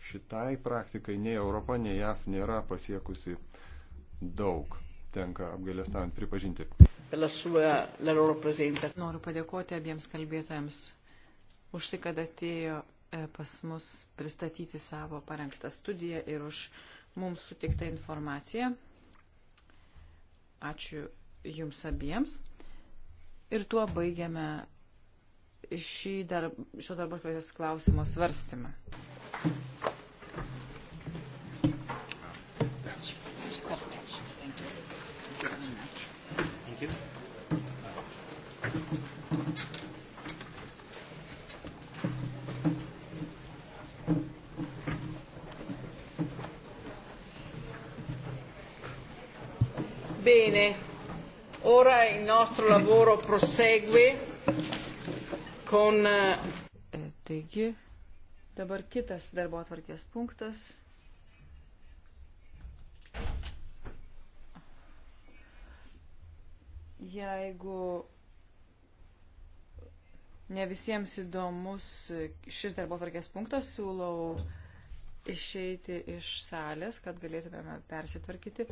šitai praktikai nei Europa, nei JAF nėra pasiekusi daug tenka apgailestaujant pripažinti. Noriu padėkoti abiems kalbėtojams už tai, kad atėjo e, pas mus pristatyti savo parengtą studiją ir už mums sutiktą informaciją. Ačiū Jums abiems. Ir tuo baigiame šį dar, šio darbo klausimų svarstymą. nostro lavoro prosegue con. Eh, e, taigi, dabar kitas darbo atvarkės punktas. Jeigu ne visiems įdomus šis darbo atvarkės punktas, siūlau išeiti iš salės, kad galėtumėme persitvarkyti.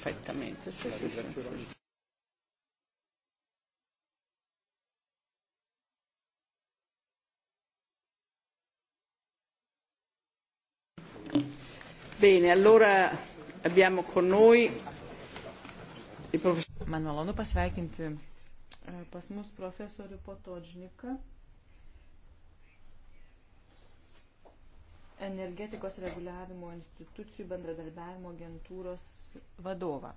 perfettamente. Sì, sì, sì, sì. Bene, allora abbiamo con noi il professor. Man malonu pasveikinti eh, pas mus profesorių Potočniką. energetikos reguliavimo institucijų bendradarbiavimo agentūros vadovą.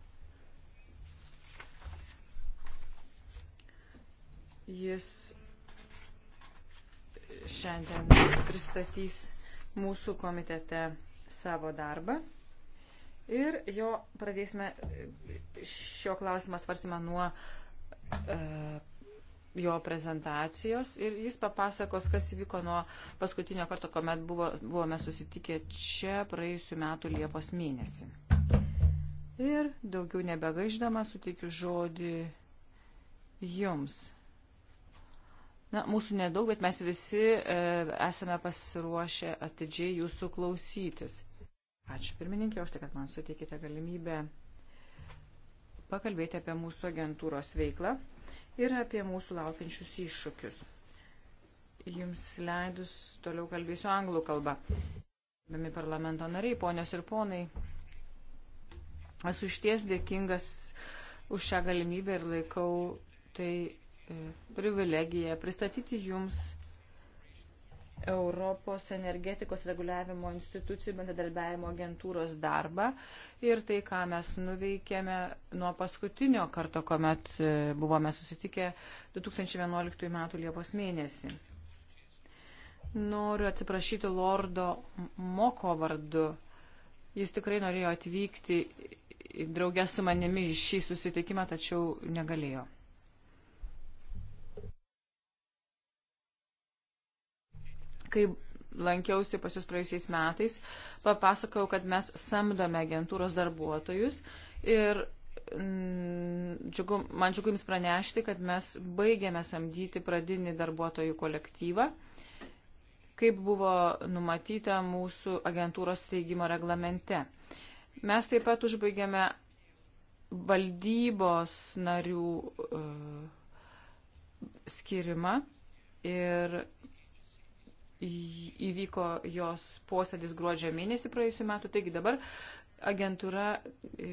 Jis šiandien pristatys mūsų komitete savo darbą. Ir jo pradėsime šio klausimo svarstymą nuo e, jo prezentacijos ir jis papasakos, kas įvyko nuo paskutinio karto, kuomet buvo, buvome susitikę čia praėjusiu metu Liepos mėnesį. Ir daugiau nebegaiždama suteikiu žodį jums. Na, mūsų nedaug, bet mes visi e, esame pasiruošę atidžiai jūsų klausytis. Ačiū pirmininkė, už tai, kad man suteikite galimybę pakalbėti apie mūsų agentūros veiklą ir apie mūsų laukiančius iššūkius. Jums leidus toliau kalbėsiu anglų kalbą. Bami parlamento nariai, ponios ir ponai, esu išties dėkingas už šią galimybę ir laikau tai e, privilegiją pristatyti jums Europos energetikos reguliavimo institucijų bendradarbiavimo agentūros darbą ir tai, ką mes nuveikėme nuo paskutinio karto, kuomet e, buvome susitikę 2011 m. Liepos mėnesį. Noriu atsiprašyti Lordo Moko vardu. Jis tikrai norėjo atvykti draugę su manimi į šį susitikimą, tačiau negalėjo. kai lankiausi pas jūs praėjusiais metais, papasakau, kad mes samdome agentūros darbuotojus ir mm, džiugu, man džiugu Jums pranešti, kad mes baigėme samdyti pradinį darbuotojų kolektyvą, kaip buvo numatyta mūsų agentūros steigimo reglamente. Mes taip pat užbaigėme valdybos narių uh, skirimą ir įvyko jos posėdis gruodžio mėnesį praėjusiu metu, taigi dabar agentūra, e,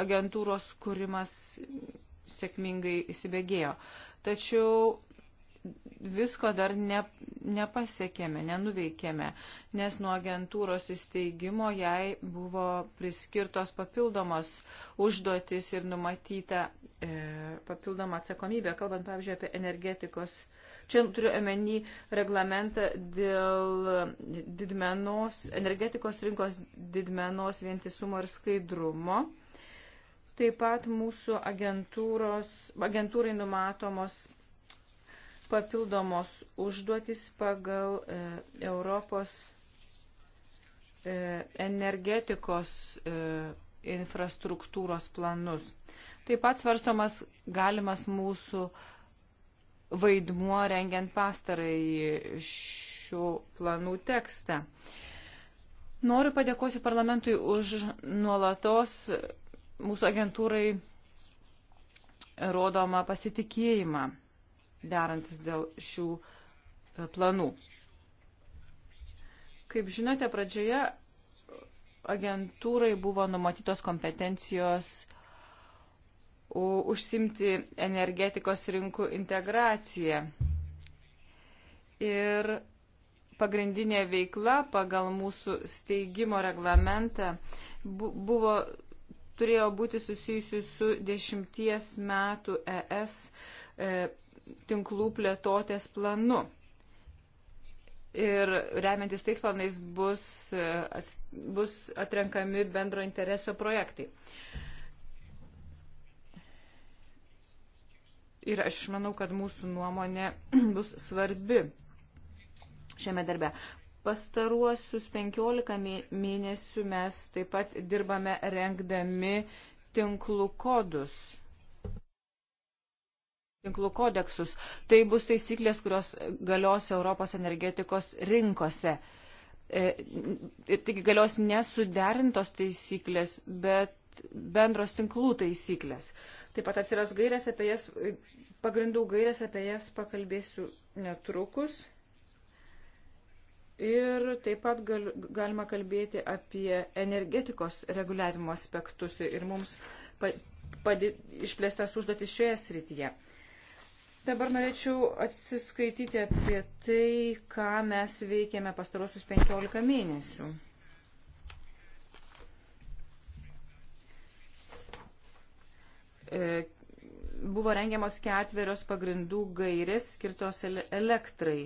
agentūros kūrimas sėkmingai įsibėgėjo. Tačiau visko dar ne, nepasiekėme, nenuveikėme, nes nuo agentūros įsteigimo jai buvo priskirtos papildomos užduotis ir numatyta e, papildoma atsakomybė, kalbant, pavyzdžiui, apie energetikos e, Čia turiu omeny reglamentą dėl didmenos, energetikos rinkos didmenos vientisumo ir skaidrumo. Taip pat mūsų agentūrai numatomos papildomos užduotis pagal e, Europos e, energetikos e, infrastruktūros planus. Taip pat svarstomas galimas mūsų e, vaidmuo rengiant pastarąjį šių planų tekstą. Noriu padėkoti parlamentui už nuolatos mūsų agentūrai rodomą pasitikėjimą derantis dėl šių e, planų. Kaip žinote, pradžioje agentūrai buvo numatytos kompetencijos užsimti energetikos rinkų integraciją. Ir pagrindinė veikla pagal mūsų steigimo reglamentą buvo, turėjo būti susijusi su dešimties metų ES e, tinklų plėtotės planu. Ir remiantis tais planais bus, e, ats, bus atrenkami bendro intereso projektai. E, ir aš manau, kad mūsų nuomonė bus svarbi šiame darbe. Pastaruosius 15 mėnesių mes taip pat dirbame rengdami tinklų kodus tinklų kodeksus. Tai bus taisyklės, kurios galios Europos energetikos rinkose. E, ir tik galios nesuderintos taisyklės, bet bendros tinklų taisyklės. Taip pat atsiras gairės apie jas, pagrindų gairės apie jas pakalbėsiu netrukus. Ir taip pat gal, galima kalbėti apie energetikos reguliavimo aspektus ir mums pa, padė, išplėstas užduotis šioje srityje. Dabar norėčiau atsiskaityti apie tai, ką mes veikėme pastarosius 15 mėnesių. E, buvo rengiamos ketverios pagrindų gairės skirtos elektrai.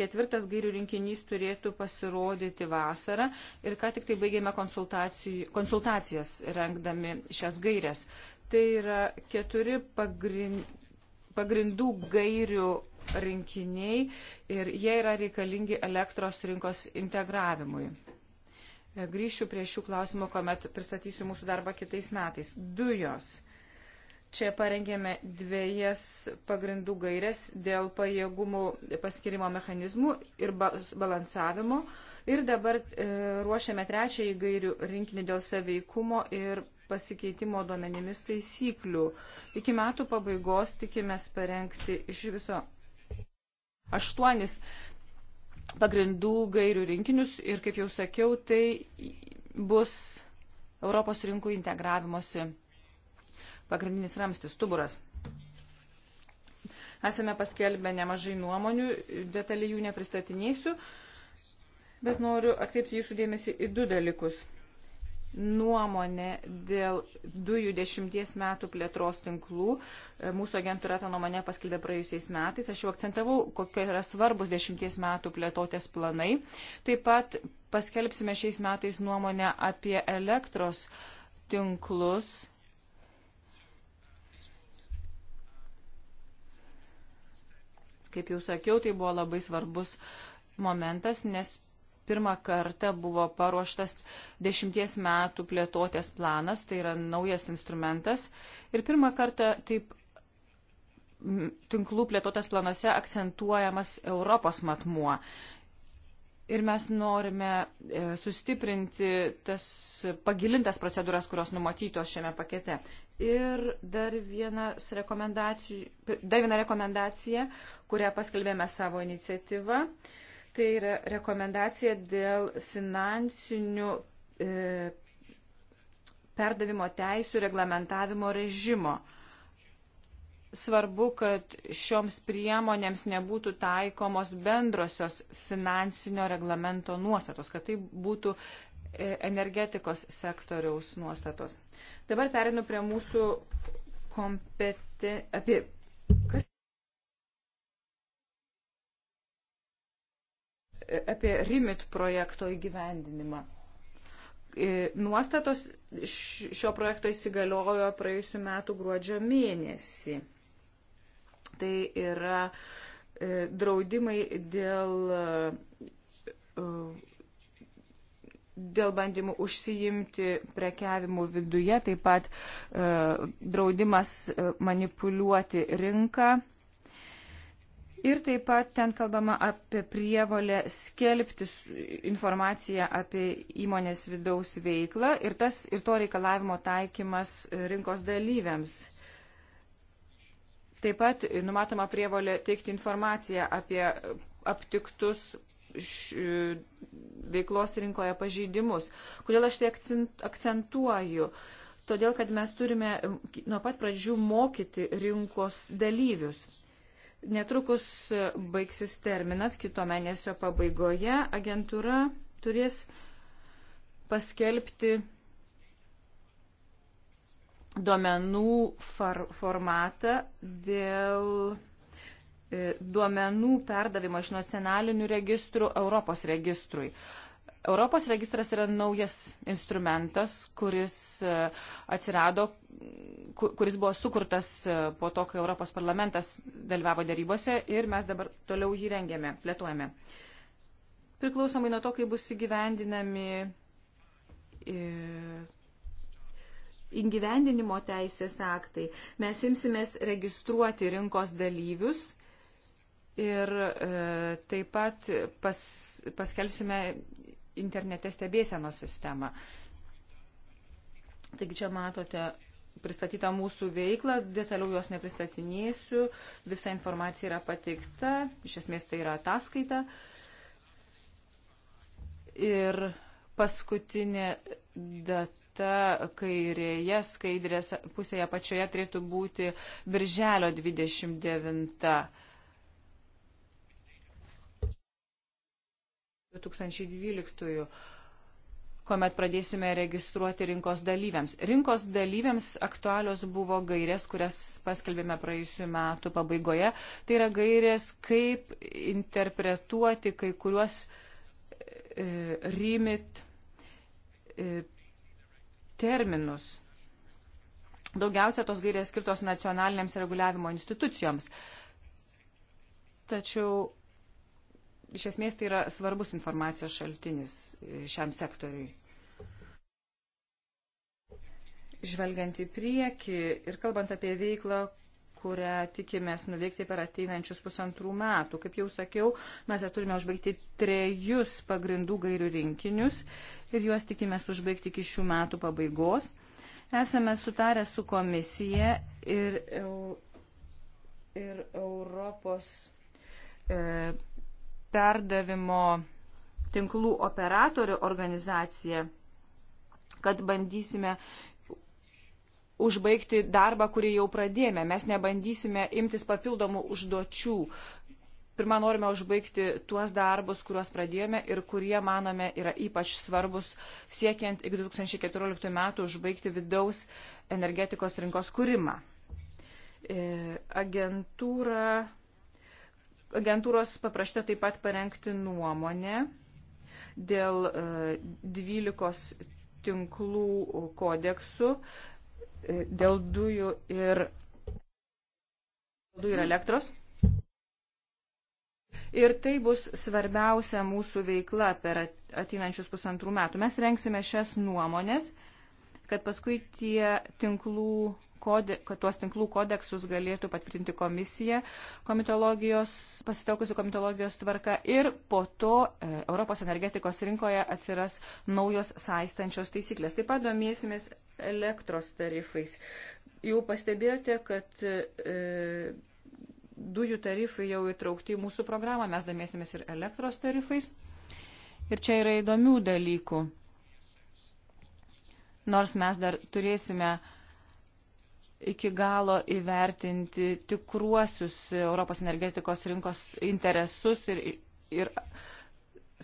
Ketvirtas gairių rinkinys turėtų pasirodyti vasarą ir ką tik tai baigėme konsultacijas rengdami šias gairias. Tai yra keturi pagrind, pagrindų gairių rinkiniai ir jie yra reikalingi elektros rinkos integravimui. Grįšiu prie šių klausimų, kuomet pristatysiu mūsų darbą kitais metais. Dujos. Čia parengėme dviejas pagrindų gairias dėl pajėgumų paskirimo mechanizmų ir balansavimo. Ir dabar e, ruošiame trečiąjį gairių rinkinį dėl saveikumo ir pasikeitimo duomenimis taisyklių. Iki metų pabaigos tikimės parengti iš viso aštuonis pagrindų gairių rinkinius ir, kaip jau sakiau, tai bus Europos rinkų integravimosi pagrindinis ramstis, stuburas. Esame paskelbę nemažai nuomonių, detaliai jų nepristatinėsiu, bet noriu atkreipti jūsų dėmesį į du dalykus nuomonę dėl dujų dešimties metų plėtros tinklų. E, mūsų agentūra tą nuomonę paskelbė praėjusiais metais. Aš jau akcentavau, kokie yra svarbus dešimties metų plėtotės planai. Taip pat paskelbsime šiais metais nuomonę apie elektros tinklus. Kaip jau sakiau, tai buvo labai svarbus momentas, nes pirmą kartą buvo paruoštas dešimties metų plėtotės planas, tai yra naujas instrumentas. Ir pirmą kartą taip tinklų plėtotės planuose akcentuojamas Europos matmuo. Ir mes norime e, sustiprinti tas pagilintas procedūras, kurios numatytos šiame pakete. Ir dar, dar viena rekomendacija, kurią paskelbėme savo iniciatyvą. Uh, Tai yra rekomendacija dėl finansinių e, perdavimo teisų reglamentavimo režimo. Svarbu, kad šioms priemonėms nebūtų taikomos bendrosios finansinio reglamento nuostatos, kad tai būtų e, energetikos sektoriaus nuostatos. Dabar perinu prie mūsų kompeten... apie... Kas? apie RIMIT projekto įgyvendinimą. E, nuostatos šio projekto įsigaliojo praėjusiu metu gruodžio mėnesį. Tai yra e, draudimai dėl, e, dėl bandymų užsiimti prekiavimu viduje, taip pat draudimas manipuliuoti rinką Ir taip pat ten kalbama apie prievolę skelbti informaciją apie įmonės vidaus veiklą ir, tas, ir to reikalavimo taikymas e, rinkos dalyviams. Taip pat e, numatoma prievolė teikti informaciją apie e, aptiktus veiklos rinkoje pažeidimus. Kodėl aš tai akcentuoju? Todėl, kad mes turime nuo pat pradžių mokyti rinkos dalyvius. Netrukus baigsis terminas, kito mėnesio pabaigoje agentūra turės paskelbti duomenų far, formatą dėl e, duomenų perdavimo iš nacionalinių registrų Europos registrui. E, Europos registras yra naujas instrumentas, kuris e, atsirado, kuris buvo sukurtas e, po to, kai Europos parlamentas dalyvavo darybose ir mes dabar toliau jį rengėme, plėtojame. Priklausomai nuo to, kai bus įgyvendinami e, įgyvendinimo teisės aktai, mes imsimės registruoti rinkos dalyvius ir e, taip pat pas, paskelbsime internete stebėsenos sistemą. Taigi čia matote pristatytą mūsų veiklą, detaliau jos nepristatinėsiu, visa informacija yra pateikta, iš esmės tai yra ataskaita. Ir paskutinė data kairėje skaidrės pusėje pačioje turėtų būti birželio 29. 2012, kuomet pradėsime registruoti rinkos dalyviams. Rinkos dalyviams aktualios buvo gairės, kurias paskelbėme praėjusiu metu pabaigoje. Tai yra gairės, kaip interpretuoti kai kuriuos e, rymit e, terminus. Daugiausia tos gairės skirtos nacionalinėms reguliavimo institucijoms. Tačiau iš esmės tai yra svarbus informacijos šaltinis e, šiam sektoriui. Žvelgiant į priekį ir kalbant apie veiklą, kurią tikimės nuveikti per ateinančius pusantrų metų. Kaip jau sakiau, mes dar turime užbaigti trejus pagrindų gairių rinkinius ir juos tikimės užbaigti iki šių metų pabaigos. Esame sutarę su komisija ir, ir Europos. E, perdavimo tinklų operatorių organizacija, kad bandysime užbaigti darbą, kurį jau pradėjome. Mes nebandysime imtis papildomų užduočių. Pirmą norime užbaigti tuos darbus, kuriuos pradėjome ir kurie, manome, yra ypač svarbus siekiant iki 2014 metų užbaigti vidaus energetikos rinkos kūrimą. E, agentūra Agentūros paprašta taip pat parengti nuomonę dėl 12 e, tinklų kodeksų, e, dėl dujų ir, dujų ir elektros. Ir tai bus svarbiausia mūsų veikla per ateinančius pusantrų metų. Mes renksime šias nuomonės, kad paskui tie tinklų kode, kad tuos tinklų kodeksus galėtų patvirtinti komisija pasitelkusi komitologijos tvarka ir po to e, Europos energetikos rinkoje atsiras naujos saistančios taisyklės. Taip pat domėsimės elektros tarifais. Jau pastebėjote, kad e, dujų tarifai jau įtraukti į mūsų programą, mes domėsimės ir elektros tarifais. Ir čia yra įdomių dalykų. Nors mes dar turėsime uh, iki galo įvertinti tikruosius Europos energetikos rinkos interesus ir, ir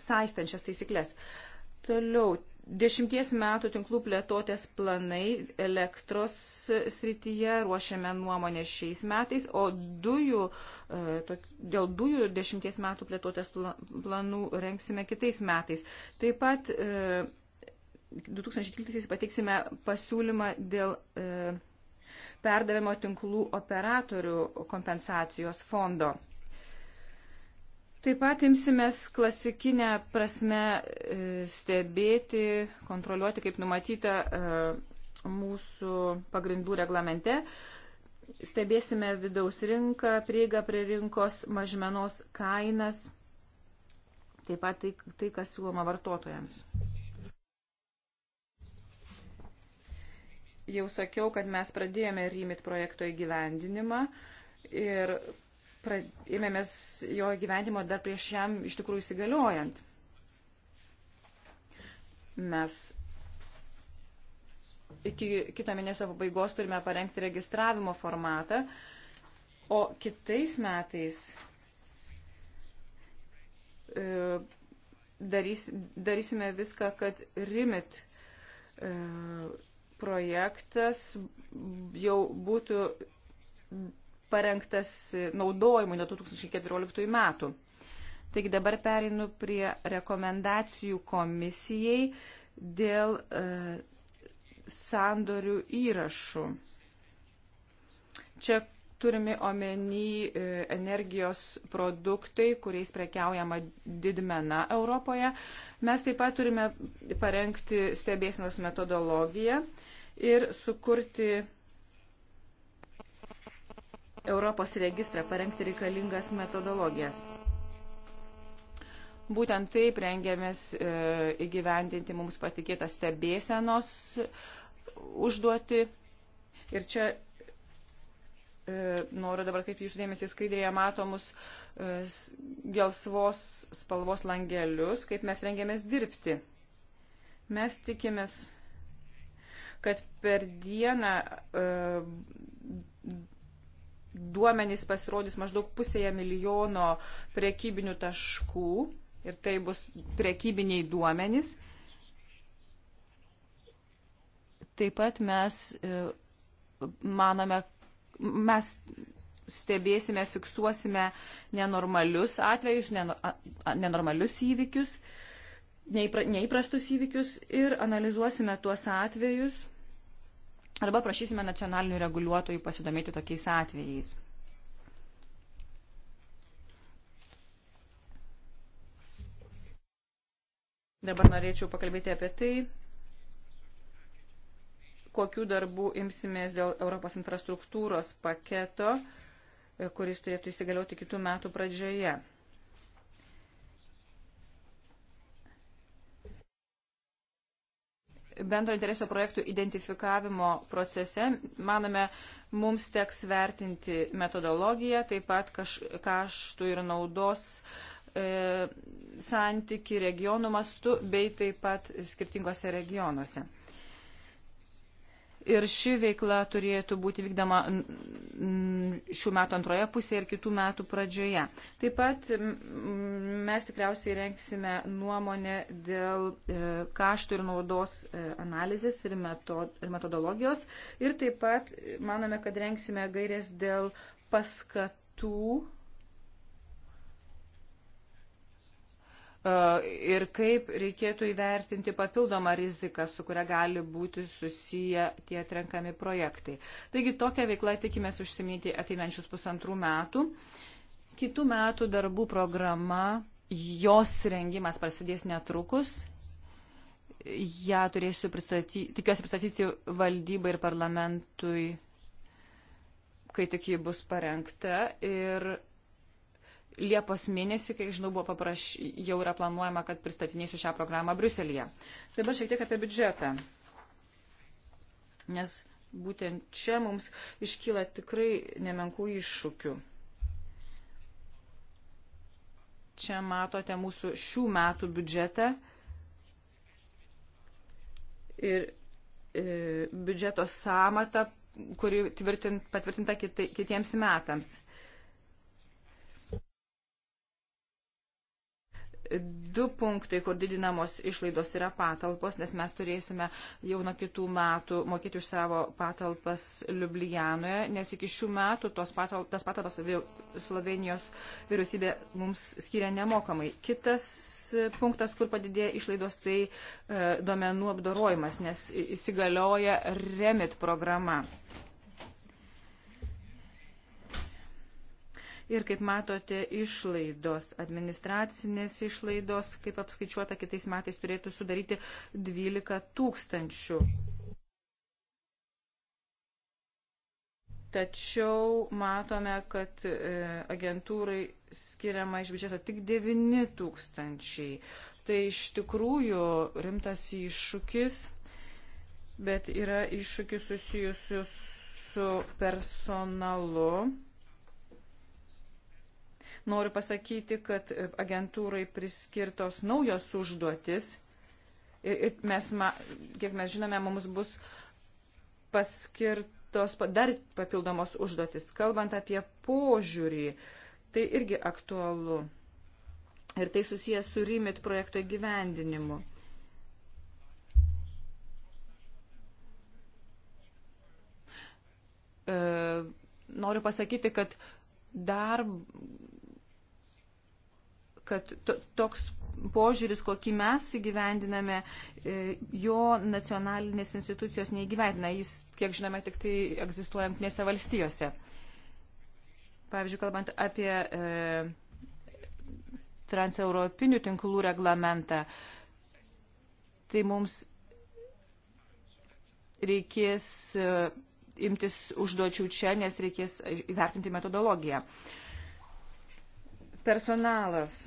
saistančias taisyklės. Toliau, dešimties metų tinklų plėtotės planai elektros srityje ruošiame nuomonę šiais metais, o dujų, e, dėl dujų dešimties metų plėtotės planų renksime kitais metais. Taip pat 2013 e, pateiksime pasiūlymą dėl e, perdavimo tinklų operatorių kompensacijos fondo. Taip pat imsimės klasikinę prasme e, stebėti, kontroliuoti, kaip numatyta e, mūsų pagrindų reglamente. Stebėsime vidaus rinką, prieigą prie rinkos, mažmenos kainas, taip pat tai, tai kas siūloma vartotojams. Jau sakiau, kad mes pradėjome RIMIT projekto įgyvendinimą ir ėmėmės jo įgyvendimo dar prieš jam iš tikrųjų įsigaliojant. Mes iki kito mėnesio pabaigos turime parengti registravimo formatą, o kitais metais e, darys, darysime viską, kad RIMIT e, projektas jau būtų parengtas naudojimui nuo 2014 metų. Taigi dabar perinu prie rekomendacijų komisijai dėl e, sandorių įrašų. Čia turimi omeny e, energijos produktai, kuriais prekiaujama didmena Europoje. Mes taip pat turime parengti stebėsinos metodologiją. E, ir sukurti Europos registrą, parengti reikalingas metodologijas. Būtent taip rengiamės e, įgyvendinti mums patikėtą stebėsenos e, užduoti. Ir čia e, noriu dabar kaip jūsų dėmesį skaidrėje matomus gelsvos spalvos langelius, kaip mes rengiamės dirbti. Mes tikimės kad per dieną e, duomenys pasirodys maždaug pusėje milijono prekybinių taškų ir tai bus prekybiniai duomenys. Taip pat mes e, manome, mes stebėsime, fiksuosime nenormalius atvejus, nenormalius įvykius neįpra, neįprastus įvykius ir analizuosime tuos atvejus arba prašysime nacionalinių reguliuotojų pasidomėti tokiais atvejais. Dabar norėčiau pakalbėti apie tai, kokiu darbu imsimės dėl Europos infrastruktūros paketo, kuris turėtų įsigalioti kitų metų pradžioje. bendro intereso projektų identifikavimo procese, manome, mums teks vertinti metodologiją, taip pat kaš, kaštų ir naudos e, santyki regionų mastu bei taip pat skirtingose regionuose ir ši veikla turėtų būti vykdama šių metų antroje pusėje ir kitų metų pradžioje. Taip pat mes tikriausiai renksime nuomonę dėl e, kaštų ir naudos e, analizės ir, metod, ir metodologijos ir taip pat manome, kad renksime gairės dėl paskatų E, ir kaip reikėtų įvertinti papildomą riziką, su kuria gali būti susiję tie atrenkami projektai. Taigi tokią veiklą tikimės užsiminti ateinančius pusantrų metų. Kitų metų darbų programa, jos rengimas prasidės netrukus. Ja turėsiu pristatyti, tikiuosi pristatyti valdybai ir parlamentui, kai tik ji bus parengta. Ir Liepos mėnesį, kai žinau, buvo papraš, jau yra planuojama, kad pristatinėsiu šią programą Bruselėje. Dabar šiek tiek apie biudžetą. Nes būtent čia mums iškyla tikrai nemenkų iššūkių. Čia matote mūsų šių metų biudžetą ir e, biudžeto samatą, kuri tvirtint, patvirtinta kiti, kitiems metams. du punktai, kur didinamos išlaidos yra patalpos, nes mes turėsime jau nuo kitų metų mokėti už savo patalpas Ljubljanoje, nes iki šių metų tos patal, tas patalpas Slovenijos vyriausybė mums skiria nemokamai. Kitas punktas, kur padidėja išlaidos, tai e, duomenų apdorojimas, nes įsigalioja REMIT programa. Ir kaip matote, išlaidos, administracinės išlaidos, kaip apskaičiuota, kitais metais turėtų sudaryti 12 tūkstančių. Tačiau matome, kad e, agentūrai skiriama iš biudžeto tik 9 tūkstančiai. Tai iš tikrųjų rimtas iššūkis, bet yra iššūkis susijusius su personalu Noriu pasakyti, kad agentūrai priskirtos naujos užduotis ir mes, kiek mes žinome, mums bus paskirtos dar papildomos užduotis. Kalbant apie požiūrį, tai irgi aktualu. Ir tai susijęs su RIMIT projekto gyvendinimu. E, noriu pasakyti, kad dar kad to, toks požiūris, kokį mes įgyvendiname, e, jo nacionalinės institucijos neįgyvendina. Jis, kiek žinome, tik tai egzistuoja jungtinėse valstijose. Pavyzdžiui, kalbant apie e, transeuropinių tinklų reglamentą, tai mums reikės e, imtis užduočių čia, nes reikės įvertinti metodologiją. Personalas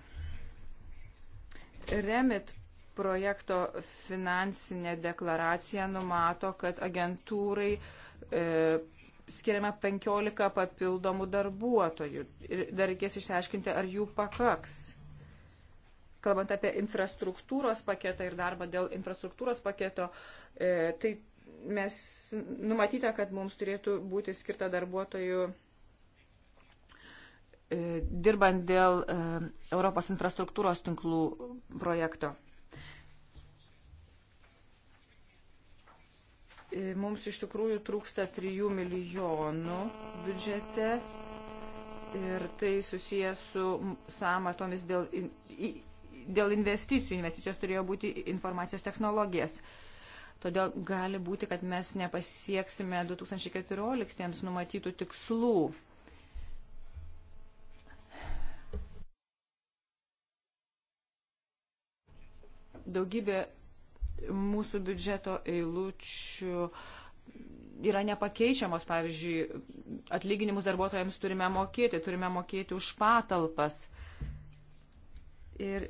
Remit projekto finansinė deklaracija numato, kad agentūrai e, skiriama 15 papildomų darbuotojų. Ir dar reikės išsiaiškinti, ar jų pakaks. Kalbant apie infrastruktūros paketą ir darbą dėl infrastruktūros paketo, e, tai mes numatyta, kad mums turėtų būti skirta darbuotojų E, dirbant dėl e, Europos infrastruktūros tinklų projekto. E, mums iš tikrųjų trūksta 3 milijonų biudžete ir tai susijęs su samatomis dėl, dėl investicijų. Investicijos turėjo būti informacijos technologijas. Todėl gali būti, kad mes nepasieksime 2014 numatytų tikslų daugybė mūsų biudžeto eilučių yra nepakeičiamos. Pavyzdžiui, atlyginimus darbuotojams turime mokėti, turime mokėti už patalpas. Ir,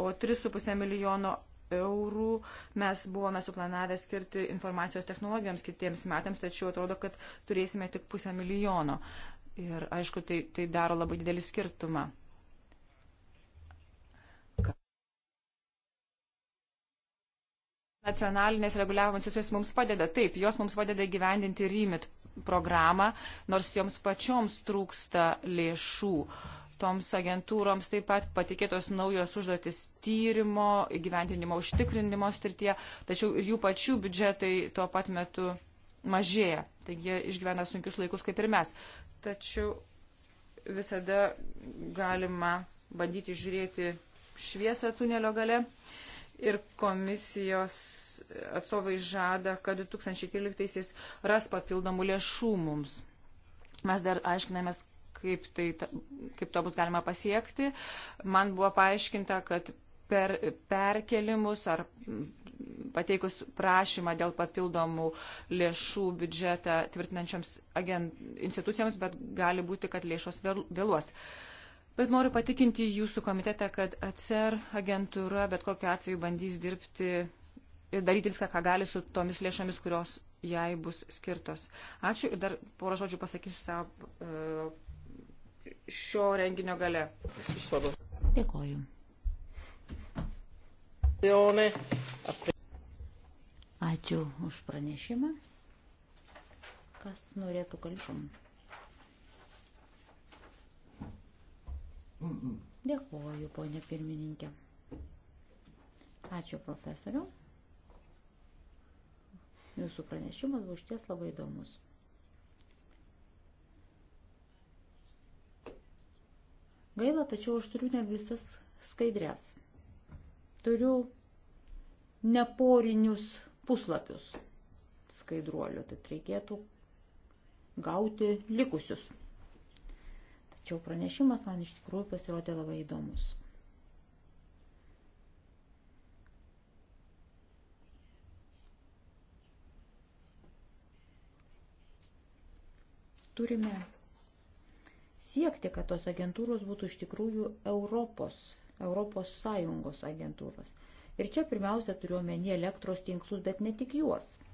o 3,5 milijono eurų mes buvome suplanavę skirti informacijos technologijoms kitiems metams, tačiau atrodo, kad turėsime tik pusę milijono. Ir aišku, tai, tai daro labai didelį skirtumą. Nacionalinės reguliavimo institucijos mums padeda, taip, jos mums padeda gyvendinti RIMIT programą, nors joms pačioms trūksta lėšų. Toms agentūroms taip pat patikėtos naujos užduotis tyrimo, gyvendinimo užtikrinimo srityje, tačiau ir jų pačių biudžetai tuo pat metu mažėja. Taigi jie išgyvena sunkius laikus kaip ir mes. Tačiau visada galima bandyti žiūrėti šviesą tunelio gale. Uh, ir komisijos atstovai žada, kad 2013-aisiais ras papildomų lėšų mums. Mes dar aiškinamės, kaip, tai, kaip to bus galima pasiekti. Man buvo paaiškinta, kad per perkelimus ar pateikus prašymą dėl papildomų lėšų biudžetą tvirtinančiams agent, institucijams, bet gali būti, kad lėšos vėluos. Vėl, bet noriu patikinti jūsų komitete, kad ACER agentūra bet kokiu atveju bandys dirbti ir daryti viską, ką gali su tomis lėšomis, kurios jai bus skirtos. Ačiū ir dar porą žodžių pasakysiu savo e, šio renginio gale. Dėkoju. Ačiū už pranešimą. Kas norėtų kalšom? Dėkuoju, ponė pirmininkė. Ačiū profesoriu. Jūsų pranešimas buvo išties labai įdomus. Gaila, tačiau aš turiu ne visas skaidrės. Turiu neporinius puslapius skaidruolių, tad reikėtų gauti likusius. Tačiau pranešimas man iš tikrųjų pasirodė labai įdomus. Turime siekti, kad tos agentūros būtų iš tikrųjų Europos, Europos Sąjungos agentūros. Ir čia pirmiausia turiuomenį elektros tinklus, bet ne tik juos –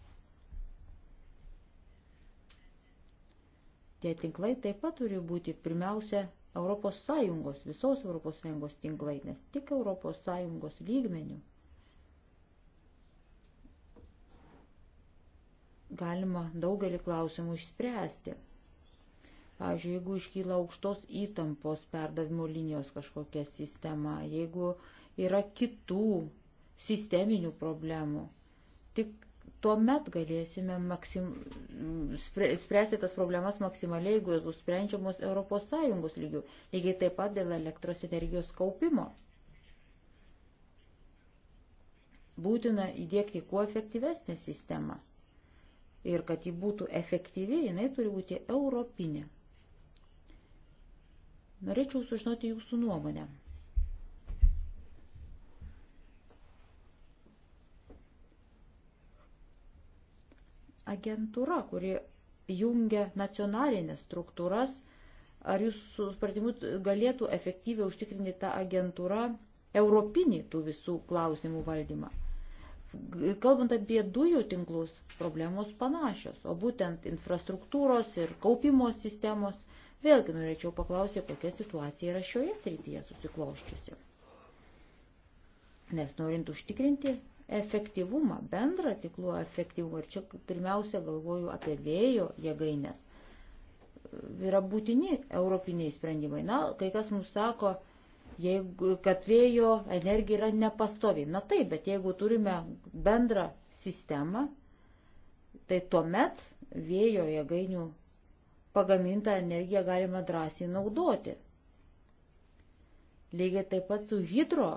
Tie tinklai taip pat turi būti pirmiausia ES, visos ES tinklai, nes tik ES lygmenių galima daugelį klausimų išspręsti. Pavyzdžiui, jeigu iškyla aukštos įtampos perdavimo linijos kažkokia sistema, jeigu yra kitų sisteminių problemų, tik tuomet galėsime maksim, spręsti tas problemas maksimaliai, jeigu jos bus sprendžiamos ES lygių. Lygiai taip pat dėl elektros energijos kaupimo. Būtina įdėkti kuo efektyvesnę sistemą. Ir kad ji būtų efektyvi, jinai turi būti europinė. Norėčiau sužinoti jūsų nuomonę. agentūra, kuri jungia nacionalinės struktūras. Ar jūs supratimu galėtų efektyviai užtikrinti tą agentūrą europinį tų visų klausimų valdymą? Kalbant apie dujų tinklus, problemos panašios, o būtent infrastruktūros ir kaupimo sistemos, vėlgi norėčiau paklausti, kokia situacija yra šioje srityje susikloščiusi. Nes norint užtikrinti efektyvumą, bendrą tinklo efektyvumą. Ir čia pirmiausia galvoju apie vėjo jėgainės. Yra būtini europiniai sprendimai. Na, kai kas mums sako, jeigu, kad vėjo energija yra nepastovi. Na taip, bet jeigu turime bendrą sistemą, tai tuomet vėjo jėgainių pagamintą energiją galima drąsiai naudoti. Lygiai taip pat su hidro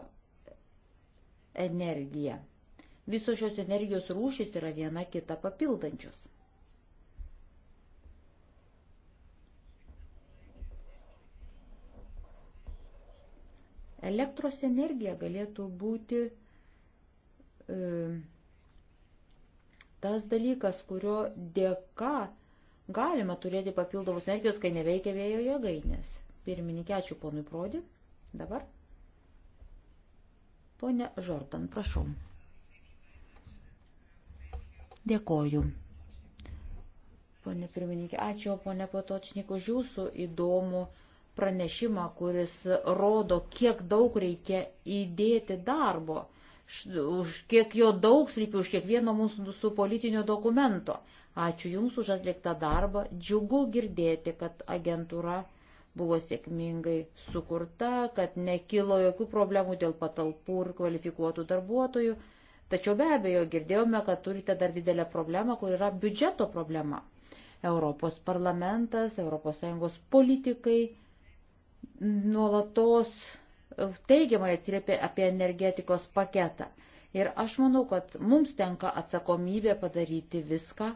energija. Visos šios energijos rūšys yra viena kita papildančios. Elektros energija galėtų būti e, tas dalykas, kurio dėka galima turėti papildomus energijos, kai neveikia vėjo jėgainės. Pirmininkė, ačiū ponui Prodi. Dabar. Pone Žordan, prašom. Dėkoju. Pone pirmininkė, ačiū, pone Patočnik, už jūsų įdomų pranešimą, kuris rodo, kiek daug reikia įdėti darbo, už kiek jo daug slypi, už kiekvieno mūsų su politinio dokumento. Ačiū Jums už atliktą darbą. Džiugu girdėti, kad agentūra buvo sėkmingai sukurta, kad nekilo jokių problemų dėl patalpų ir kvalifikuotų darbuotojų. Tačiau be abejo girdėjome, kad turite dar didelę problemą, kur yra biudžeto problema. Europos parlamentas, ES politikai nuolatos e, teigiamai atsiliepia apie energetikos paketą. Ir aš manau, kad mums tenka atsakomybė padaryti viską,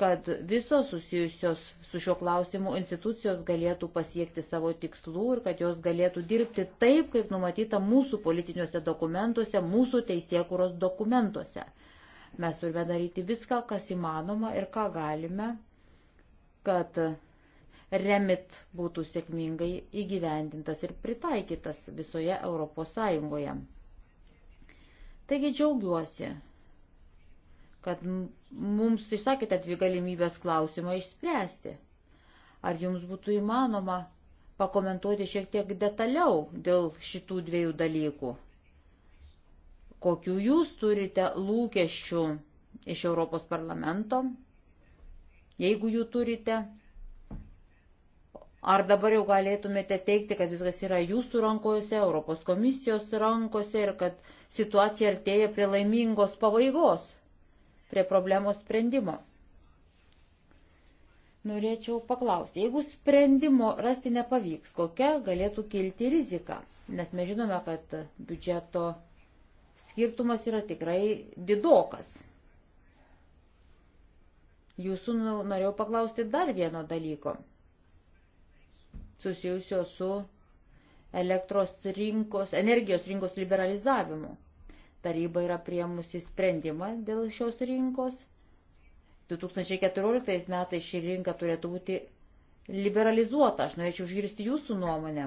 kad visos susijusios su šiuo klausimu institucijos galėtų pasiekti savo tikslų ir kad jos galėtų dirbti taip, kaip numatyta mūsų politiniuose dokumentuose, mūsų teisėkuros dokumentuose. Mes turime daryti viską, kas įmanoma ir ką galime, kad remit būtų sėkmingai įgyvendintas ir pritaikytas visoje Europos Sąjungoje. Taigi džiaugiuosi kad mums išsakėte dvi galimybės klausimą išspręsti. Ar jums būtų įmanoma pakomentuoti šiek tiek detaliau dėl šitų dviejų dalykų? Kokių jūs turite lūkesčių iš Europos parlamento, jeigu jų turite? Ar dabar jau galėtumėte teikti, kad viskas yra jūsų rankose, Europos komisijos rankose ir kad situacija artėja prie laimingos pabaigos? prie problemos sprendimo. Norėčiau paklausti, jeigu sprendimo rasti nepavyks, kokia galėtų kilti rizika, nes mes žinome, kad biudžeto skirtumas yra tikrai didokas. Jūsų nu, norėjau paklausti dar vieno dalyko, susijusio su elektros rinkos, energijos rinkos liberalizavimu. Taryba yra priemusi sprendimą dėl šios rinkos. 2014 metais ši rinka turėtų būti liberalizuota. Aš norėčiau išgirsti jūsų nuomonę.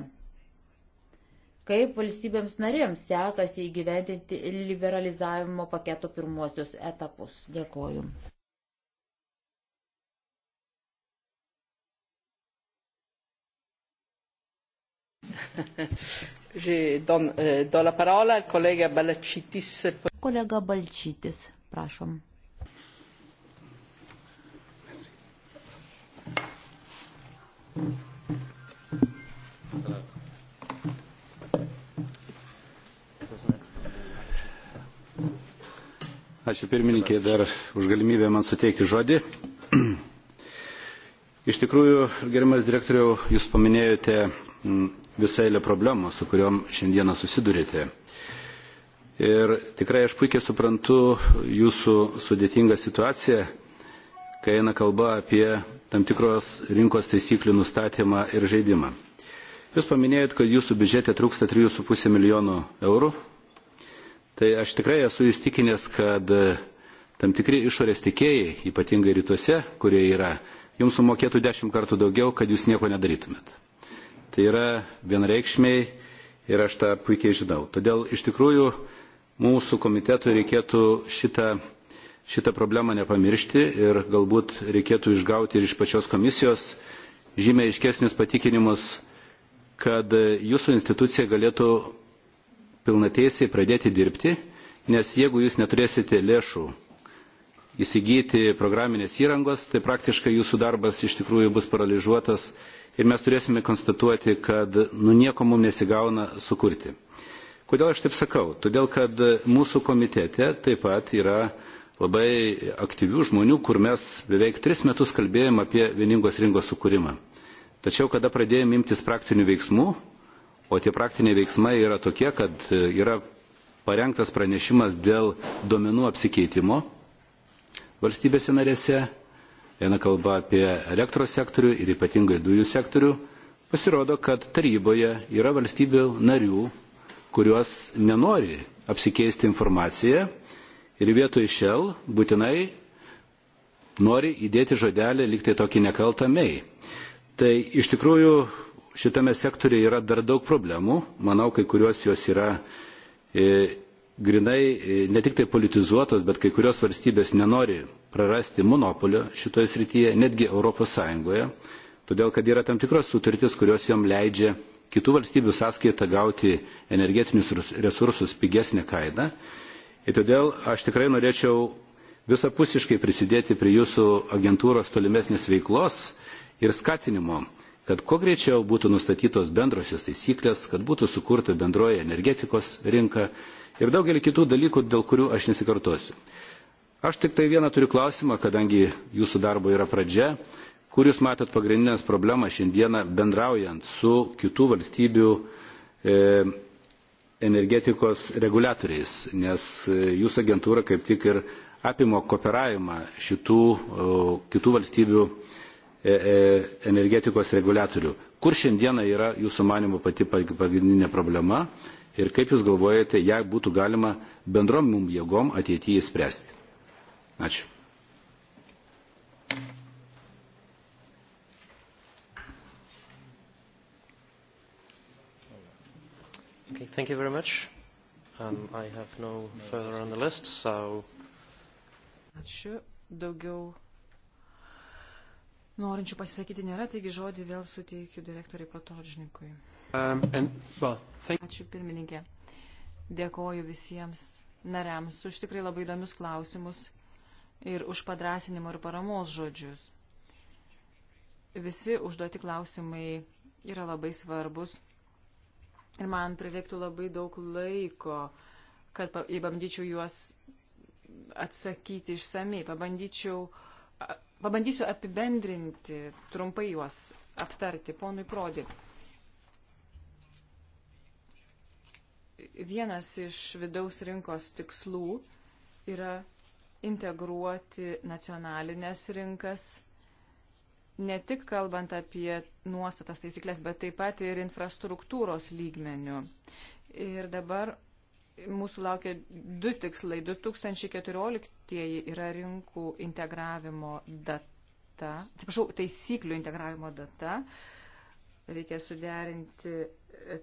Kaip valstybėms narėms sekasi įgyventinti liberalizavimo paketo pirmosius etapus? Dėkoju. E, kolega Balčytis, prašom. Ačiū pirmininkė dar už galimybę man suteikti žodį. Iš tikrųjų, gerimas direktoriau, jūs paminėjote visai lė problemų, su kuriuom šiandieną susidurite. Ir tikrai aš puikiai suprantu jūsų sudėtingą situaciją, kai eina kalba apie tam tikros rinkos taisyklių nustatymą ir žaidimą. Jūs paminėjot, kad jūsų biudžete trūksta 3,5 milijonų eurų. Tai aš tikrai esu įstikinęs, kad e, tam tikri išorės tikėjai, ypatingai rytuose, kurie yra, jums sumokėtų 10 kartų daugiau, kad jūs nieko nedarytumėt tai yra vienreikšmiai ir aš tą puikiai žinau. Todėl iš tikrųjų mūsų komitetui reikėtų šitą, šitą problemą nepamiršti ir galbūt reikėtų išgauti ir iš pačios komisijos žymiai iškesnis patikinimus, kad jūsų institucija galėtų pilnateisiai pradėti dirbti, nes jeigu jūs neturėsite lėšų įsigyti programinės įrangos, tai praktiškai jūsų darbas iš tikrųjų bus paralyžiuotas ir mes turėsime konstatuoti, kad nu, nieko mums nesigauna sukurti. Kodėl aš taip sakau? Todėl, kad mūsų komitete taip pat yra labai aktyvių žmonių, kur mes beveik tris metus kalbėjom apie vieningos rinkos sukūrimą. Tačiau, kada pradėjom imtis praktinių veiksmų, o tie praktiniai veiksmai yra tokie, kad yra parengtas pranešimas dėl duomenų apsikeitimo valstybėse narėse, eina kalba apie elektros sektorių ir ypatingai dujų sektorių, pasirodo, kad taryboje yra valstybių narių, kurios nenori apsikeisti informaciją ir vietoj šel būtinai nori įdėti žodelį liktai tokį nekaltą mei. Tai iš tikrųjų šitame sektoriuje yra dar daug problemų. Manau, kai kurios jos yra e, grinai e, ne tik tai politizuotos, bet kai kurios valstybės nenori prarasti monopolio šitoje srityje, netgi ES, todėl kad yra tam tikros sutartys, kurios jom leidžia kitų valstybių sąskaitą gauti energetinius resursus pigesnę kainą. Ir todėl aš tikrai norėčiau visapusiškai prisidėti prie jūsų agentūros tolimesnės veiklos ir skatinimo, kad kuo greičiau būtų nustatytos bendrosios taisyklės, kad būtų sukurta bendroji energetikos rinka ir daugelį kitų dalykų, dėl kurių aš nesikartosiu. Aš tik tai vieną turiu klausimą, kadangi jūsų darbo yra pradžia, kur jūs matot pagrindinės problemas šiandieną bendraujant su kitų valstybių e, energetikos reguliatoriais, nes e, jūsų agentūra kaip tik ir apimo kooperavimą šitų o, kitų valstybių e, e, energetikos reguliatorių. Kur šiandieną yra jūsų manimo pati pagrindinė problema ir kaip jūs galvojate, ją būtų galima bendrom mum jėgom ateityje spręsti? Ačiū. Okay, thank you very much. Um, I have no further on the list, so... Ačiū. Daugiau norinčių pasisakyti nėra, taigi žodį vėl suteikiu direktoriai Patočnikui. Um, and, well, thank... Ačiū pirmininkė. Dėkoju visiems nariams už tikrai labai įdomius klausimus ir už padrasinimo ir paramos žodžius. Visi užduoti klausimai yra labai svarbus ir man prireiktų labai daug laiko, kad įbandyčiau juos atsakyti išsamei, pabandyčiau, pabandysiu apibendrinti, trumpai juos aptarti. Ponui Prodi. Vienas iš vidaus rinkos tikslų yra integruoti nacionalinės rinkas, ne tik kalbant apie nuostatas taisyklės, bet taip pat ir infrastruktūros lygmenių. Ir dabar mūsų laukia du tikslai. 2014 yra rinkų integravimo data, atsiprašau, taisyklių integravimo data. Uh, reikia suderinti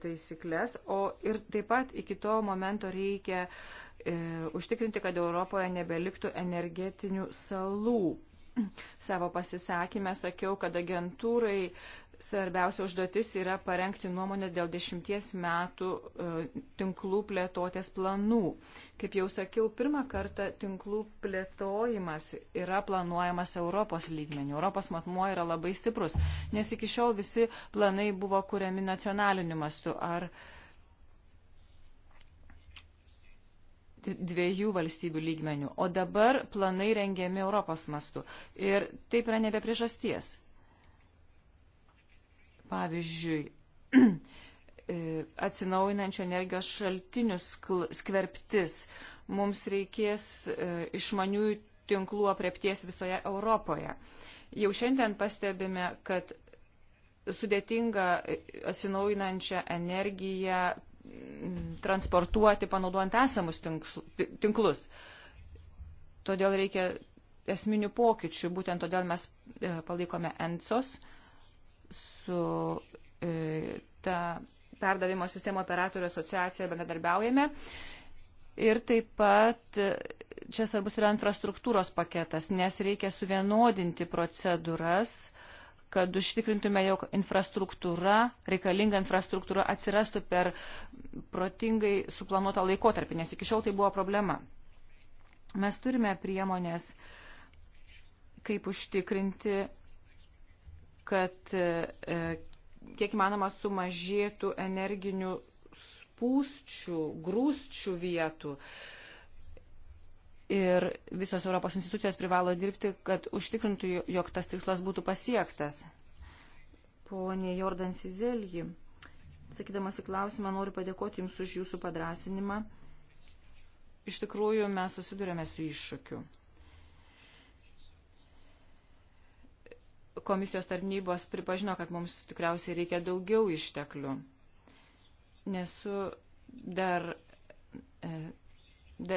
taisyklės, o ir taip pat iki to momento reikia e, užtikrinti, kad Europoje nebeliktų energetinių salų. Savo pasisakymę sakiau, kad agentūrai svarbiausia užduotis yra parengti nuomonę dėl dešimties metų e, tinklų plėtotės planų. Kaip jau sakiau, pirmą kartą tinklų plėtojimas yra planuojamas Europos lygmenių. Europos matmuo yra labai stiprus, nes iki šiol visi planai buvo kuriami nacionaliniu mastu ar dviejų valstybių lygmenių, o dabar planai rengiami Europos mastu. Ir taip yra nebe priežasties Pavyzdžiui, e, atsinaujinančio energijos šaltinių skverbtis. Mums reikės e, išmaniųjų tinklų apriepties visoje Europoje. Jau šiandien pastebime, kad sudėtinga e, atsinaujinančią energiją transportuoti, panaudojant esamus tinklus. Todėl reikia esminių pokyčių, būtent todėl mes palaikome ENCOS su e, ta perdavimo sistemo operatorių asociacija bendradarbiaujame. Ir taip pat e, čia svarbus yra infrastruktūros paketas, nes reikia suvienodinti procedūras, kad užtikrintume, jog infrastruktūra, reikalinga infrastruktūra atsirastų per protingai suplanuotą laikotarpį, nes iki šiol tai buvo problema. Mes turime priemonės, kaip užtikrinti kad e, e, kiek įmanoma sumažėtų energinių spūsčių, grūsčių vietų. Ir visos Europos institucijos privalo dirbti, kad užtikrintų, jog tas tikslas būtų pasiektas. Pone Jordan Sizelji, sakydamas į klausimą, noriu padėkoti Jums už Jūsų padrasinimą. Iš tikrųjų, mes susidurėme su iššūkiu. komisijos tarnybos pripažino, kad mums tikriausiai reikia daugiau išteklių. Nesu dar, e,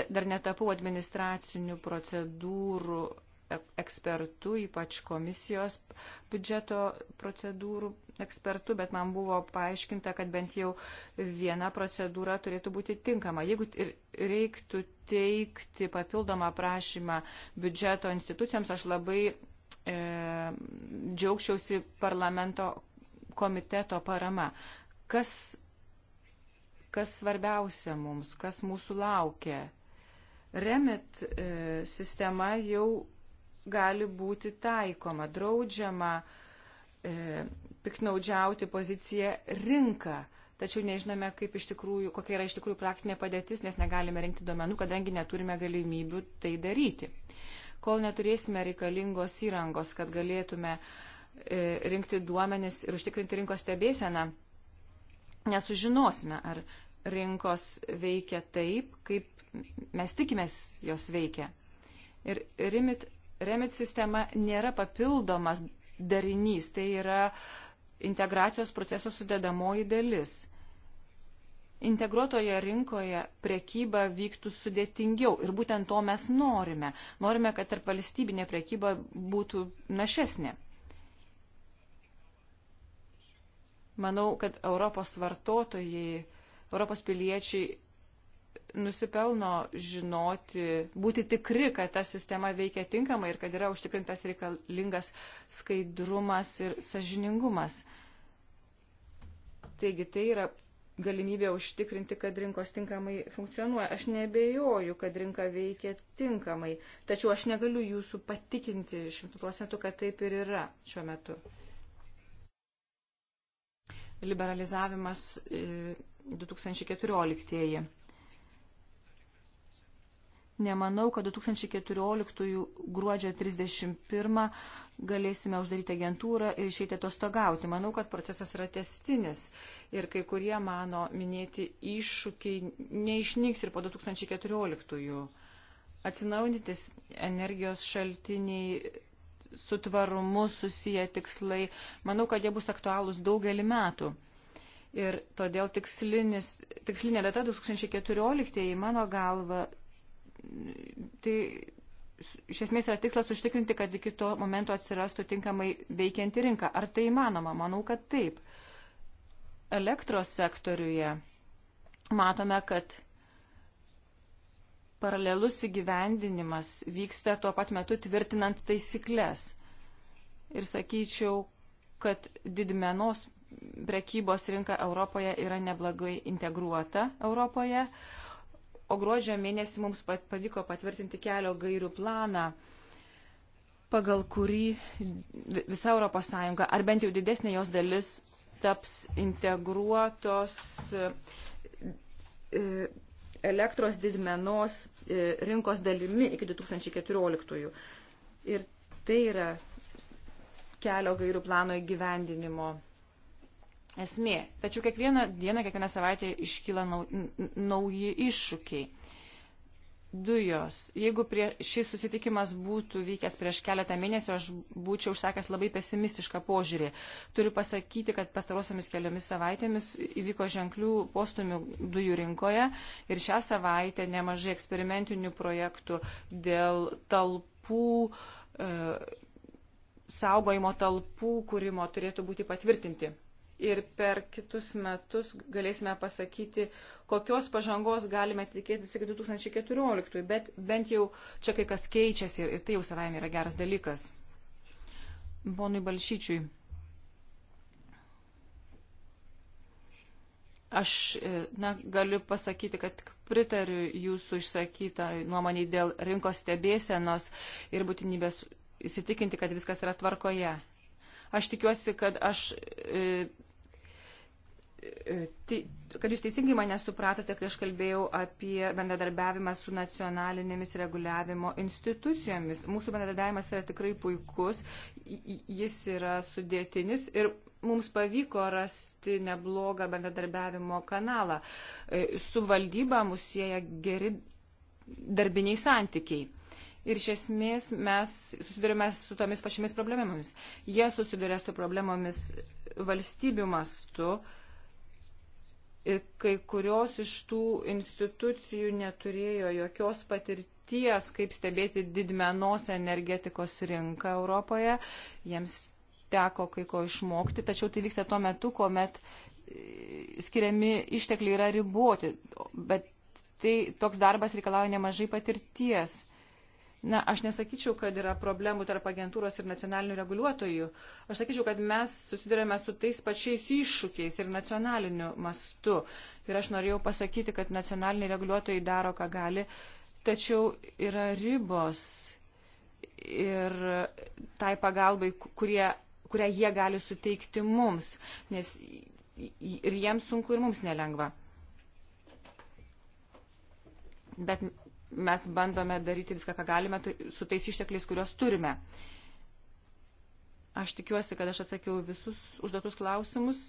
dar netapau administracinių procedūrų e, ekspertų, ypač komisijos biudžeto procedūrų ekspertų, bet man buvo paaiškinta, kad bent jau viena procedūra turėtų būti tinkama. Jeigu reiktų teikti papildomą prašymą biudžeto institucijams, aš labai e, džiaugčiausi parlamento komiteto parama. Kas, kas svarbiausia mums, kas mūsų laukia? Remit e, sistema jau gali būti taikoma, draudžiama e, piknaudžiauti poziciją rinką. Tačiau nežinome, kaip iš tikrųjų, kokia yra iš tikrųjų praktinė padėtis, nes negalime rinkti duomenų, kadangi neturime galimybių tai daryti kol neturėsime reikalingos įrangos, kad galėtume e, rinkti duomenis ir užtikrinti rinkos stebėseną, nesužinosime, ar rinkos veikia taip, kaip mes tikimės jos veikia. Ir remit, remit sistema nėra papildomas darinys, tai yra integracijos proceso sudėdamoji dalis integruotoje rinkoje prekyba vyktų sudėtingiau ir būtent to mes norime. Norime, kad tarp valstybinė prekyba būtų našesnė. Manau, kad Europos vartotojai, Europos piliečiai nusipelno žinoti, būti tikri, kad ta sistema veikia tinkamai ir kad yra užtikrintas reikalingas skaidrumas ir sažiningumas. Taigi tai yra galimybė užtikrinti, kad rinkos tinkamai funkcionuoja. Aš nebejoju, kad rinka veikia tinkamai, tačiau aš negaliu jūsų patikinti šimtų procentų, kad taip ir yra šiuo metu. Liberalizavimas 2014. E, Nemanau, kad 2014 gruodžio 31 galėsime uždaryti agentūrą ir išeiti atostogauti. Manau, kad procesas yra testinis ir kai kurie mano minėti iššūkiai neišnyks ir po 2014. -ųjų. Atsinaujantis energijos šaltiniai su tvarumu susiję tikslai, manau, kad jie bus aktualūs daugelį metų. Ir todėl tikslinė data 2014 mano galva tai iš esmės yra tikslas užtikrinti, kad iki to momento atsirastų tinkamai veikianti rinka. Ar tai įmanoma? Manau, kad taip. Elektros sektoriuje matome, kad paralelus įgyvendinimas vyksta tuo pat metu tvirtinant taisyklės. Ir sakyčiau, kad didmenos prekybos rinka Europoje yra neblagai integruota Europoje. Uh, o gruodžio mėnesį mums pavyko patvirtinti kelio gairių planą, pagal kurį visa ES, ar bent jau didesnė jos dalis, taps integruotos e, elektros didmenos e, rinkos dalimi iki 2014. Ir tai yra kelio gairių plano įgyvendinimo esmė. Tačiau kiekvieną dieną, kiekvieną savaitę iškyla nauji iššūkiai. Dujos. Jeigu prie, šis susitikimas būtų vykęs prieš keletą mėnesių, aš būčiau užsakęs labai pesimistišką požiūrį. Turiu pasakyti, kad pastarosiomis keliomis savaitėmis įvyko ženklių postumių dujų rinkoje ir šią savaitę nemažai eksperimentinių projektų dėl talpų. E, saugojimo talpų kūrimo turėtų būti patvirtinti ir per kitus metus galėsime pasakyti, kokios pažangos galime tikėtis iki 2014, bet bent jau čia kai kas keičiasi ir tai jau savaime yra geras dalykas. Bonui Balšyčiui. Aš e, na, galiu pasakyti, kad pritariu jūsų išsakytą nuomonį dėl rinkos stebėsenos ir būtinybės įsitikinti, kad viskas yra tvarkoje. Aš tikiuosi, kad aš e, E, kad jūs teisingai mane supratote, kai aš kalbėjau apie bendradarbiavimą su nacionalinėmis reguliavimo institucijomis. Mūsų bendradarbiavimas yra tikrai puikus, jis yra sudėtinis ir mums pavyko rasti neblogą bendradarbiavimo kanalą. E, su valdyba mus sieja geri darbiniai santykiai. Ir iš esmės mes susidurime su tomis pačiamis problemomis. Jie susiduria su problemomis valstybių mastu. Uh, kai kurios iš tų institucijų neturėjo jokios patirties, kaip stebėti didmenos energetikos rinką Europoje. Jiems teko kai ko išmokti, tačiau tai vyksta tuo metu, kuomet e, skiriami ištekliai yra riboti, bet tai toks darbas reikalauja nemažai patirties. Na, aš nesakyčiau, kad yra problemų tarp agentūros ir nacionalinių reguliuotojų. Aš sakyčiau, kad mes susidurėme su tais pačiais iššūkiais ir nacionaliniu mastu. Ir aš norėjau pasakyti, kad nacionaliniai reguliuotojai daro, ką gali, tačiau yra ribos ir tai pagalbai, kurie, kurią jie gali suteikti mums, nes ir jiems sunku, ir mums nelengva. Bet mes bandome daryti viską, ką galime tai su tais ištekliais, kuriuos turime. Aš tikiuosi, kad aš atsakiau visus užduotus klausimus.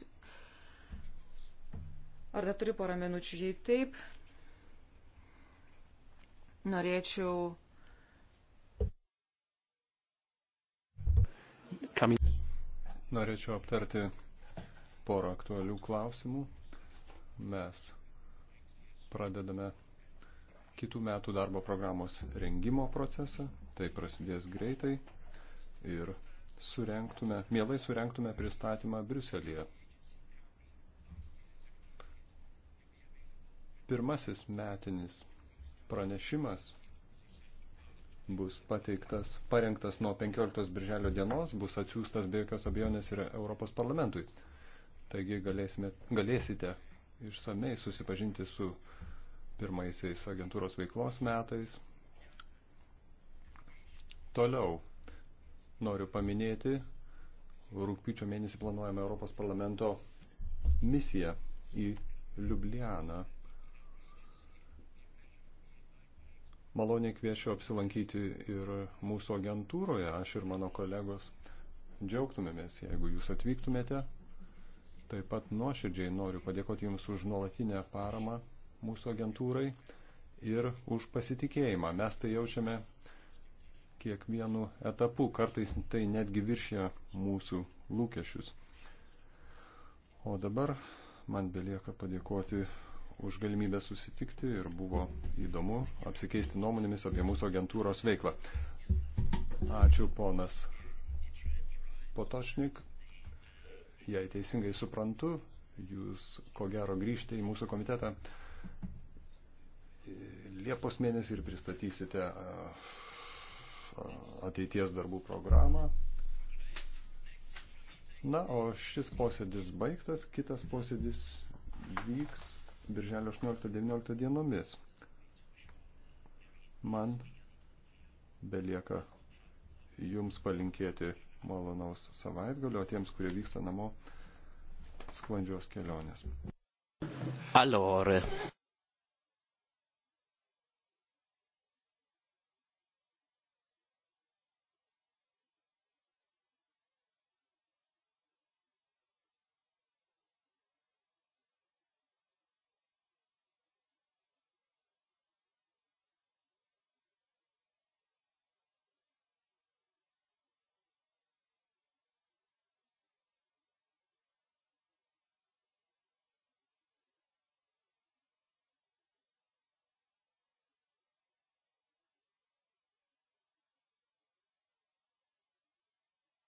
Ar dar turiu porą minučių, jei taip? Norėčiau. Norėčiau aptarti porą aktualių klausimų. Mes pradedame kitų metų darbo programos rengimo procesą. Tai prasidės greitai ir surenktume, mielai surenktume pristatymą Briuselėje. Pirmasis metinis pranešimas bus pateiktas, parengtas nuo 15 birželio dienos, bus atsiųstas be jokios abejonės ir Europos parlamentui. Taigi galėsime, galėsite išsamei susipažinti su pirmaisiais agentūros veiklos metais. Toliau noriu paminėti, rūpiučio mėnesį planuojame Europos parlamento misiją į Liublianą. Maloniai kviečiu apsilankyti ir mūsų agentūroje, aš ir mano kolegos džiaugtumėmės, jeigu jūs atvyktumėte. Taip pat nuoširdžiai noriu padėkoti Jums už nuolatinę paramą mūsų agentūrai ir už pasitikėjimą. Mes tai jaučiame kiekvienu etapu, kartais tai netgi viršia mūsų lūkesčius. O dabar man belieka padėkoti už galimybę susitikti ir buvo įdomu apsikeisti nuomonėmis apie mūsų agentūros veiklą. Ačiū ponas Potočnik. Jei teisingai suprantu, jūs ko gero grįžti į mūsų komitetą Liepos mėnesį ir pristatysite ateities darbų programą. Na, o šis posėdis baigtas, kitas posėdis vyks birželio 18-19 dienomis. Man belieka jums palinkėti malonaus savaitgalio, o tiems, kurie vyksta namo, sklandžios kelionės. Allora.